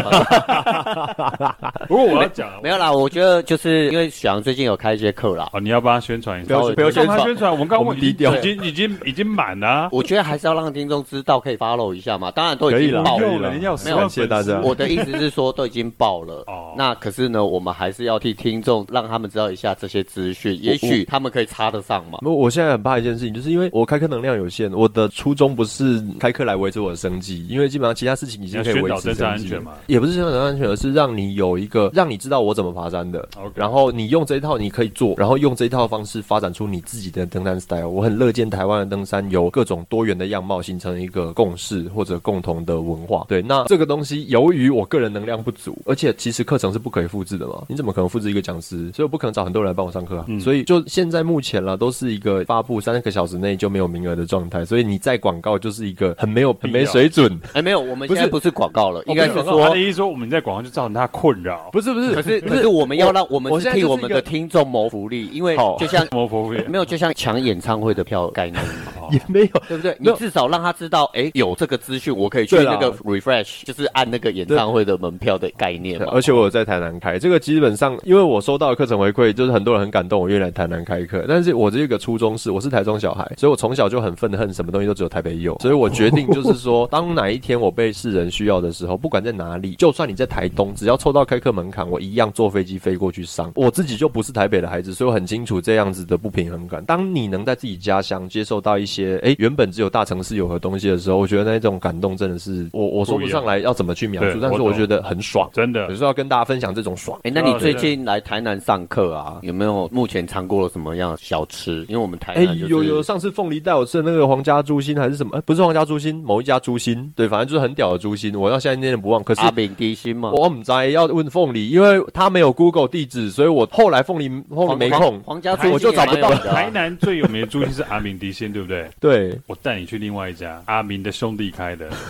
不 過、 哦、我要講，沒有啦，我覺得就是因為小楊最近有開一些課啦。哦，你要幫他宣傳一下，不要不要幫他宣傳。我們剛剛低調，已經已經已經滿了。啊，我覺得還是要讓聽眾知道，可以 follow 一下嘛。當然都已經爆了，要有，謝謝大家。我的意思是說，都已經爆了。哦， 那可是呢，我們還是要替聽眾讓他們知道一下這些資訊，哦，也許他們可以插得上嘛。我我，我現在很怕一件事情，就是因為我開課能量有限，我的初衷不是開課來維持我的生計。嗯，因為基本。其他事情你是可以維持登山安全嘛？也不是登山安全，而是讓你有一個讓你知道我怎麼爬山的。然後你用這一套，你可以做，然後用這一套方式發展出你自己的登山 style。我很樂見台灣的登山有各種多元的樣貌，形成一個共識或者共同的文化。對，那這個東西由於我個人能量不足，而且其實課程是不可以複製的嘛？你怎麼可能複製一個講師？所以我不可能找很多人來幫我上課啊！所以就現在目前了，都是一個發布三個小時內就沒有名額的狀態。所以你在廣告就是一個很沒有、很沒水準，還沒有。我們不是不是廣告了，是應該是說，哦、是他的意思說我們在廣告就造成他困擾。不是不是，可是可是，可是，可是我們要讓我們我替我們的聽眾謀福利，因為就像謀福利，沒有就像搶演唱會的票概念，也沒有，對不對？你至少讓他知道，哎、欸，有這個資訊，我可以去那個 refresh，就是按那個演唱會的門票的概念對。而且我在台南開這個基本上，因為我收到的課程回饋，就是很多人很感動，我願意來台南開課。但是我這一個初衷是，我是台中小孩，所以我從小就很憤恨，什麼東西都只有台北有，所以我決定就是說， 當哪一天我我被世人需要的時候，不管在哪裡，就算你在台東，只要湊到開課門檻，我一樣坐飛機飛過去上。我自己就不是台北的孩子，所以我很清楚這樣子的不平衡感。當你能在自己家鄉接受到一些哎、欸、原本只有大城市有的東西的時候，我覺得那種感動真的是我我說不上來要怎麼去描述，但是我覺得很爽，真的。有時候要跟大家分享這種爽。哎、欸，那你最近來台南上課啊，有沒有目前嚐過了什麼樣的小吃？因為我們台南、就是欸、有有上次鳳梨帶我吃的那個皇家豬心還是什麼？哎、欸，不是皇家豬心，某一家豬心，對，反正就是。就是、很屌的豬心，我到現在念念不忘。可是阿明迪心嘛，我不知道要問鳳梨，因為他沒有 Google 地址，所以我後來鳳梨後來沒空，我就找不到。台、到 台南最有名的豬心是阿明迪心， 對不對？對，我帶你去另外一家阿明的兄弟開的。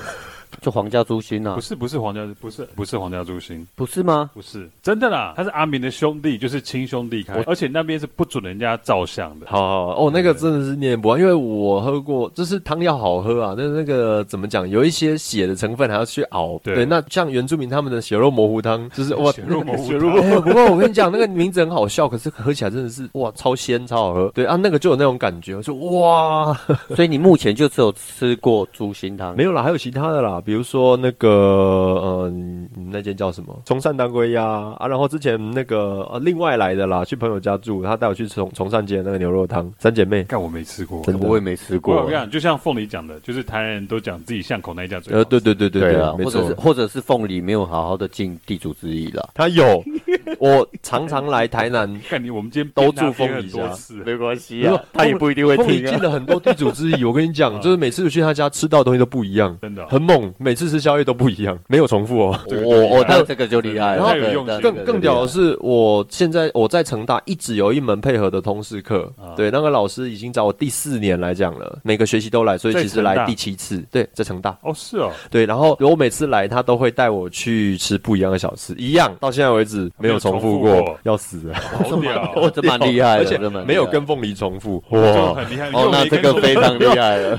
就皇家豬心吶？不是不是皇家，不是不是皇家豬心，不是嗎？不是，真的啦，他是阿明的兄弟，就是親兄弟開，而且那邊是不准人家照相的。好，好哦，那個真的是念不完，因為我喝過，就是湯要好喝啊，那那個怎麼講，有一些血的成分還要去熬。對，對那像原住民他們的血肉模糊湯，就是哇血肉模糊糊，那個 欸。不過我跟你講， 那個名字很好笑，可是喝起來真的是哇超鮮超好喝。對啊，那個就有那種感覺，就哇。 所以你目前就只有吃過豬心湯？沒有啦，還有其他的啦。比如說那個嗯那間叫什麼崇善當歸鴨啊，然後之前那個呃、啊，另外來的啦，去朋友家住，他帶我去崇崇善街那個牛肉湯三姐妹，但我沒吃過，真的可不會沒吃過。我跟你講，就像鳳梨講的，就是台南人都講自己巷口那一家嘴。呃，對對對對對，對，對啊，或者是或者是鳳梨沒有好好的盡地主之誼了。他有， 我常常來台南，看 你我們今天，天都住鳳梨家， 沒關係，啊。他也不一定會聽、啊。你盡了很多地主之誼， 我跟你講，就是每次去他家吃到的東西都不一樣，真的、哦，很猛。嗯、每次吃宵夜都不一樣，沒有重複哦。我我帶這個就厲害了。然後更更屌的是，我現在我在成大一直有一門配合的通識課，嗯、對那個老師已經找我第四年來講了，嗯、每個學期都來，所以其實來第七次。對，在成大。哦，是哦。對，然後如果每次來，他都會帶我去吃不一樣的小吃，一樣到現在為止沒有重複過，複過哦、要死啊！ 這蠻厲害的，而且真的沒有跟鳳梨重複，哇，厲厲哦、很厲害。哦，那這個非常厲害了。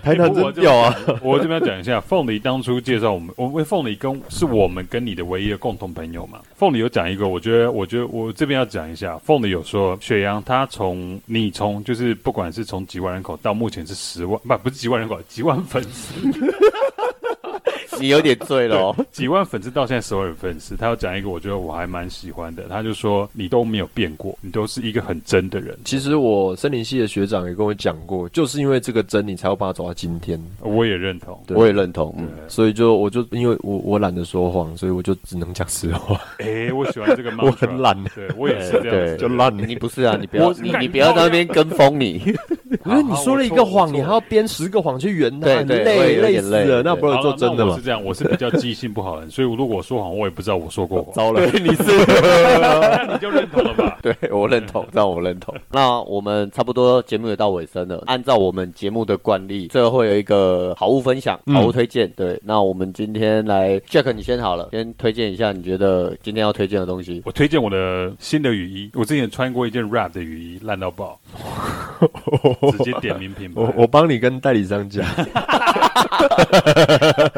有啊，我這邊講一下，鳳梨當初。介紹我們，我們鳳梨跟是我們跟你的唯一的共同朋友嘛。鳳梨有講一個，我覺得，我覺得我這邊要講一下。鳳梨有說，雪羊他從你從就是不管是從幾萬人口到目前是十萬，不不是幾萬人口，幾萬粉絲。 你有點醉了、哦。 幾萬粉絲到現在所有粉絲，他要講一個，我覺得我還蠻喜歡的。他就說你都沒有變過，你都是一個很真的人。 其實我森林系的學長也跟我講過，就是因為這個真，你才要把它走到今天。我也認同，對我也認同。對嗯、對所以就我就因為我我懶得說謊，所以我就只能講實話。哎、欸，我喜歡這個， 我很懶對我也是這樣子對對，就懶、欸、你不是啊？你不要 你你不要在那邊跟風你， 你因為說 你說了一個謊，你還要編十個謊去圓、啊、你累對累，累死了，那不是做真的嗎？這樣我是比較記性不好人， 所以如果我說謊，我也不知道我說過。糟了，你是 那你就認同了吧？對，我認同，這樣我認同。那我們差不多節目也到尾聲了。按照我們節目的慣例，最後會有一個好物分享、好物推薦、嗯。對，那我們今天來，Jack，你先好了，先推薦一下你覺得今天要推薦的東西。我推薦我的新的雨衣。我之前穿過一件 rap 的雨衣，爛到爆。 直接點名品，我我幫你跟代理商講。 哈哈哈，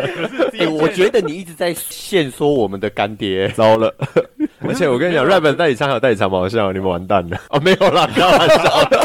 我覺得你一直在線說我們的乾爹， 糟了。 而且我跟你講，rap 代理商還有代理商嘛，我想你們完蛋了哦！沒有啦，開玩笑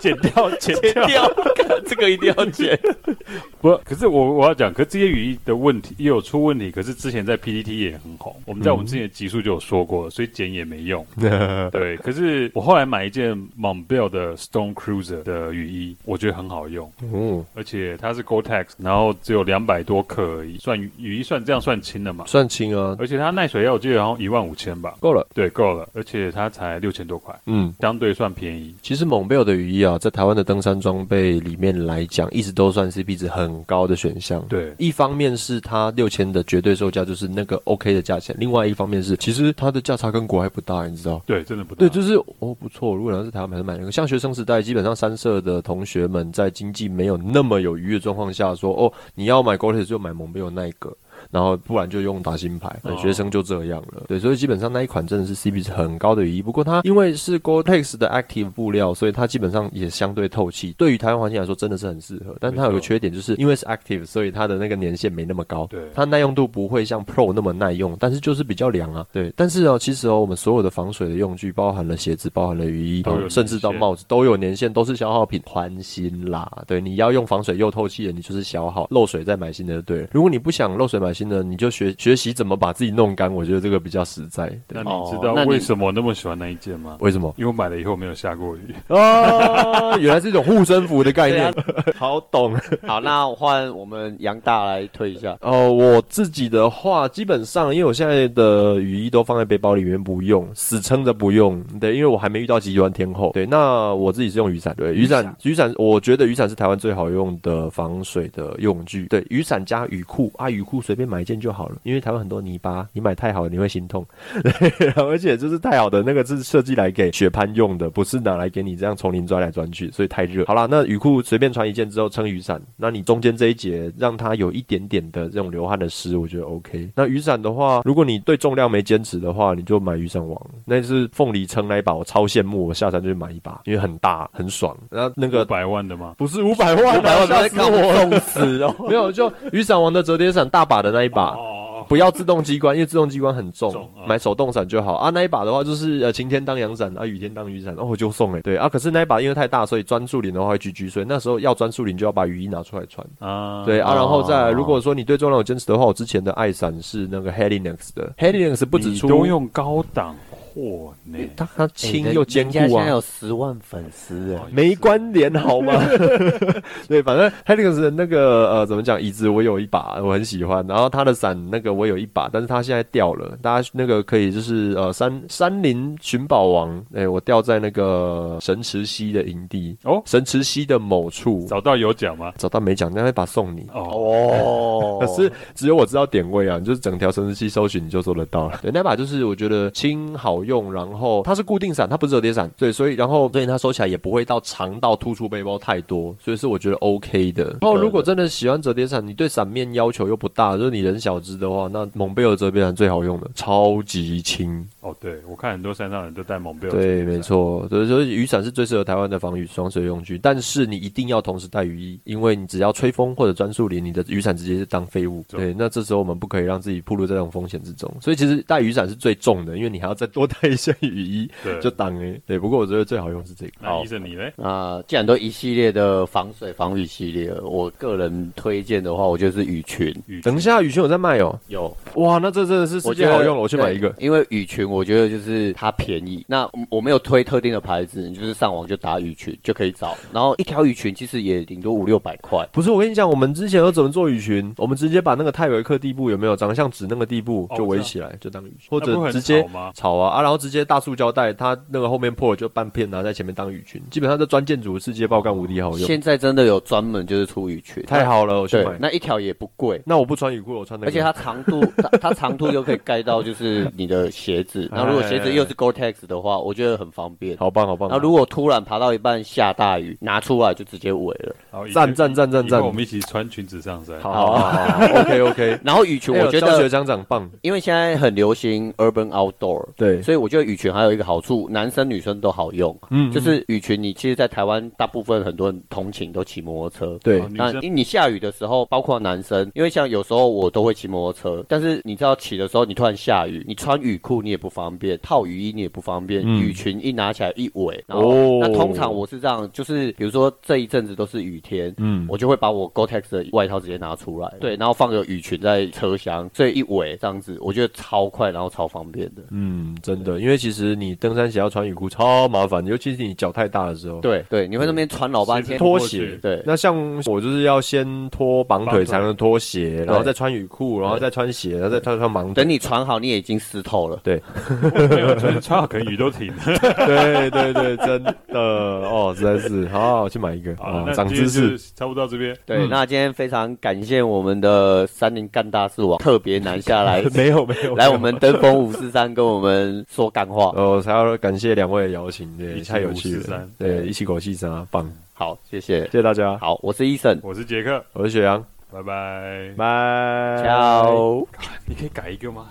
剪掉，剪掉，剪掉，剪掉， 這個一定要剪。 不，可是我我要講，可是這些雨衣的問題也有出問題。可是之前在 PTT 也很好，我們在我們之前的集數就有說過，所以剪也沒用。嗯、對，可是我後來買一件 Montbell 的 Stone Cruiser 的雨衣，我覺得很好用。嗯，而且它是 Gore-Tex 然後只有兩百多克而已，算雨衣算這樣算輕的嘛？算輕啊！而且它耐水，要。然後一萬五千吧，夠了。對，夠了。而且它才六千多塊，嗯，相對算便宜。其實蒙貝爾的雨衣啊，在台灣的登山裝備裡面來講，一直都算 C P 值很高的選項。對，一方面是它六千的絕對售價就是那個 OK 的價錢，另外一方面是其實它的價差跟國外不大，你知道？對，真的不大。對，就是哦不錯。如果要是台灣買，買那個，像學生時代，基本上三社的同學們在經濟沒有那麼有餘的狀況下說，說哦，你要買 Gore-Tex 就買蒙貝爾那一個。然後不然就用達新牌，學生就這樣了。哦。對，所以基本上那一款真的是 CP 值很高的雨衣。不過它因為是 Gore-Tex 的 Active 布料，所以它基本上也相對透氣。對於台灣環境來說，真的是很適合。但它有個缺點，就是因為是 Active，所以它的那個年限沒那麼高。對，它耐用度不會像 Pro 那麼耐用，但是就是比較涼啊。對，但是哦，其實哦，我們所有的防水的用具，包含了鞋子、包含了雨衣，甚至到帽子都有年限，都是消耗品，換新啦。對，你要用防水又透氣的，你就是消耗，漏水再買新的就對了。如果你不想漏水買。新的，你就學學習怎麼把自己弄乾，我覺得這個比較實在。那你知道為什麼那麼喜歡那一件嗎？哦、為什麼？因為我買了以後沒有下過雨啊！哦、 原來是一種護身符的概念、啊，好懂。好，那換我們楊大來推一下、嗯。哦，我自己的話，基本上因為我現在的雨衣都放在背包裡面不用，死撐着不用。對，因為我還沒遇到極端天候。對，那我自己是用雨傘。對，雨傘，雨傘，我覺得雨傘是台灣最好用的防水的用具。對，雨傘加雨褲啊，雨褲隨便。買一件就好了，因為台灣很多泥巴，你買太好了，你會心痛。對，而且就是太好的那個是設計來給雪攀用的，不是拿來給你這樣叢林鑽來鑽去，所以太熱。好了，那雨褲隨便穿一件之後撐雨傘，那你中間這一節讓它有一點點的這種流汗的濕，我覺得 OK。那雨傘的話，如果你對重量沒堅持的話，你就買雨傘王，那是鳳梨撐那一把，我超羨慕，我下山就去買一把，因為很大很爽。然後那個五百萬的嗎？不是五百萬，啊，五百萬嚇死、啊、我，嚇死哦。 沒有，就雨傘王的摺疊傘大把的。那一把 oh, oh, oh, oh. 不要自動機關，因為自動機關很重，重 oh, 買手動傘就好啊。那一把的話就是呃，晴天當陽傘，啊雨天當雨傘，然後就送了對啊。可是那一把因為太大，所以鑽樹林的話會 GG。所以那時候要鑽樹林就要把雨衣拿出來穿、oh, 啊。對啊，然後再來如果說你對重量有堅持的話，我之前的愛傘是那個 Helinox 的、oh, oh, oh. Helinox 不止出，你都用高檔。哇、哦，欸，他他輕又堅固啊！欸、現在有十萬粉絲哎、欸，哦就是，沒關聯好嗎？ 對，反正他那個是那個呃，怎麼講？椅子我有一把，我很喜歡。然後他的傘那個我有一把，但是他現在掉了。大家那個可以就是呃，山山林尋寶王哎、欸，我掉在那個神池溪的營地哦，神池溪的某處找到有獎嗎？找到沒獎，那把送你哦。 可是只有我知道點位啊，就是整條神池溪搜尋你就做得到了、嗯。對，那把就是我覺得輕好。用，然後它是固定傘，它不是折疊傘。對，所以然後所以它收起來也不會到長到突出背包太多，所以是我覺得 OK 的。然後如果真的喜歡折疊傘，你對傘面要求又不大，就是你人小只的話，那蒙貝爾折疊傘最好用的，超級輕。哦，對，我看很多山上人都帶蒙貝。對，沒錯，所以說雨傘是最適合台灣的防雨防水用具，但是你一定要同時帶雨衣，因為你只要吹風或者鑽樹林，你的雨傘直接是當廢物。對，那這時候我們不可以讓自己暴露在這種風險之中，所以其實帶雨傘是最重的，因為你還要再多帶一些雨衣，對就擋嘞。對，不過我覺得最好用是這個。那呢好，醫生你嘞？啊，既然都一系列的防水防雨系列，我個人推薦的話，我覺得是雨裙。等一下，雨裙有在賣哦。有。哇，那這真的是最好用了我，我去買一個，因為雨裙我。我覺得就是它便宜。那我沒有推特定的牌子，你就是上網就打雨裙就可以找。然後一條雨裙其實也頂多五六百塊。不是，我跟你講，我們之前都怎麼做雨裙？我們直接把那個泰維克地布有沒有長得像紙那個地布就圍起來，哦就，起來哦就，起來哦、就當雨裙。或者直接吵啊，啊然後直接大塑膠帶，它那個後面破了就半片拿在前面當雨裙。基本上這專建築世界爆幹無敵好用。現在真的有專門就是出雨裙，太好了，我去買那一條也不貴。那我不穿雨褲我穿、那。的、個。而且它長度， 它，它長度又可以蓋到就是你的鞋子。那如果鞋子又是 Gore-Tex 的話，哎哎哎哎，我覺得很方便。好棒，好棒、啊。那如果突然爬到一半下大雨，拿出來就直接毀了。好讚讚讚讚讚，我們一起穿裙子上山。好，好，好，好 ，OK OK。然後雨裙我覺得、哎、學長長棒，因為現在很流行 Urban Outdoor，對，所以我覺得雨裙還有一個好處，男生女生都好用。嗯，嗯，嗯，就是雨裙，你其實，在台灣大部分很多人通勤，都騎摩托車，對，哦、但因為你下雨的時候，包括男生，因為像有時候我都會騎摩托車，但是你知道，騎的時候你突然下雨，你穿雨褲你也不。不方便套雨衣，你也不方便。嗯、雨裙一拿起來一圍，然後、哦、那通常我是這樣，就是比如說這一陣子都是雨天，嗯，我就會把我 Gore-Tex 的外套直接拿出來，嗯、對，然後放個雨裙在車廂，這一圍這樣子，我覺得超快，然後超方便的。嗯，真的，因為其實你登山鞋要穿雨褲超麻煩，尤其是你腳太大的時候，對對，你會那邊穿老半天拖鞋，對。那像我就是要先脫綁腿才能脫鞋，然後再穿雨褲，然後再穿鞋，然後再穿綁腿。等你穿好，你也已經濕透了，對。 沒有穿 可能雨都停了。對對對，真的哦，實在是好，好，我去買一個啊，哦、長知識。差不多到這邊。對、嗯，那今天非常感謝我們的三菱幹大事王特別南下來 沒，沒有沒有來我們登峰五四三跟我們說幹話。哦，才要感謝兩位的邀請，對，太有趣了。三，對，對一起搞七三啊，棒。好，謝謝，謝謝大家。好，我是 Eason，我是傑克，我是雪羊，拜拜，拜，Ciao，你可以改一個嗎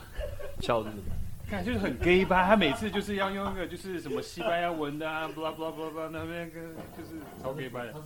？Ciao。看，就是很 gay 吧，他每次就是要用一個，就是什麼西班牙文的啊，blah blah blah blah，那邊跟就是超 gay 吧的。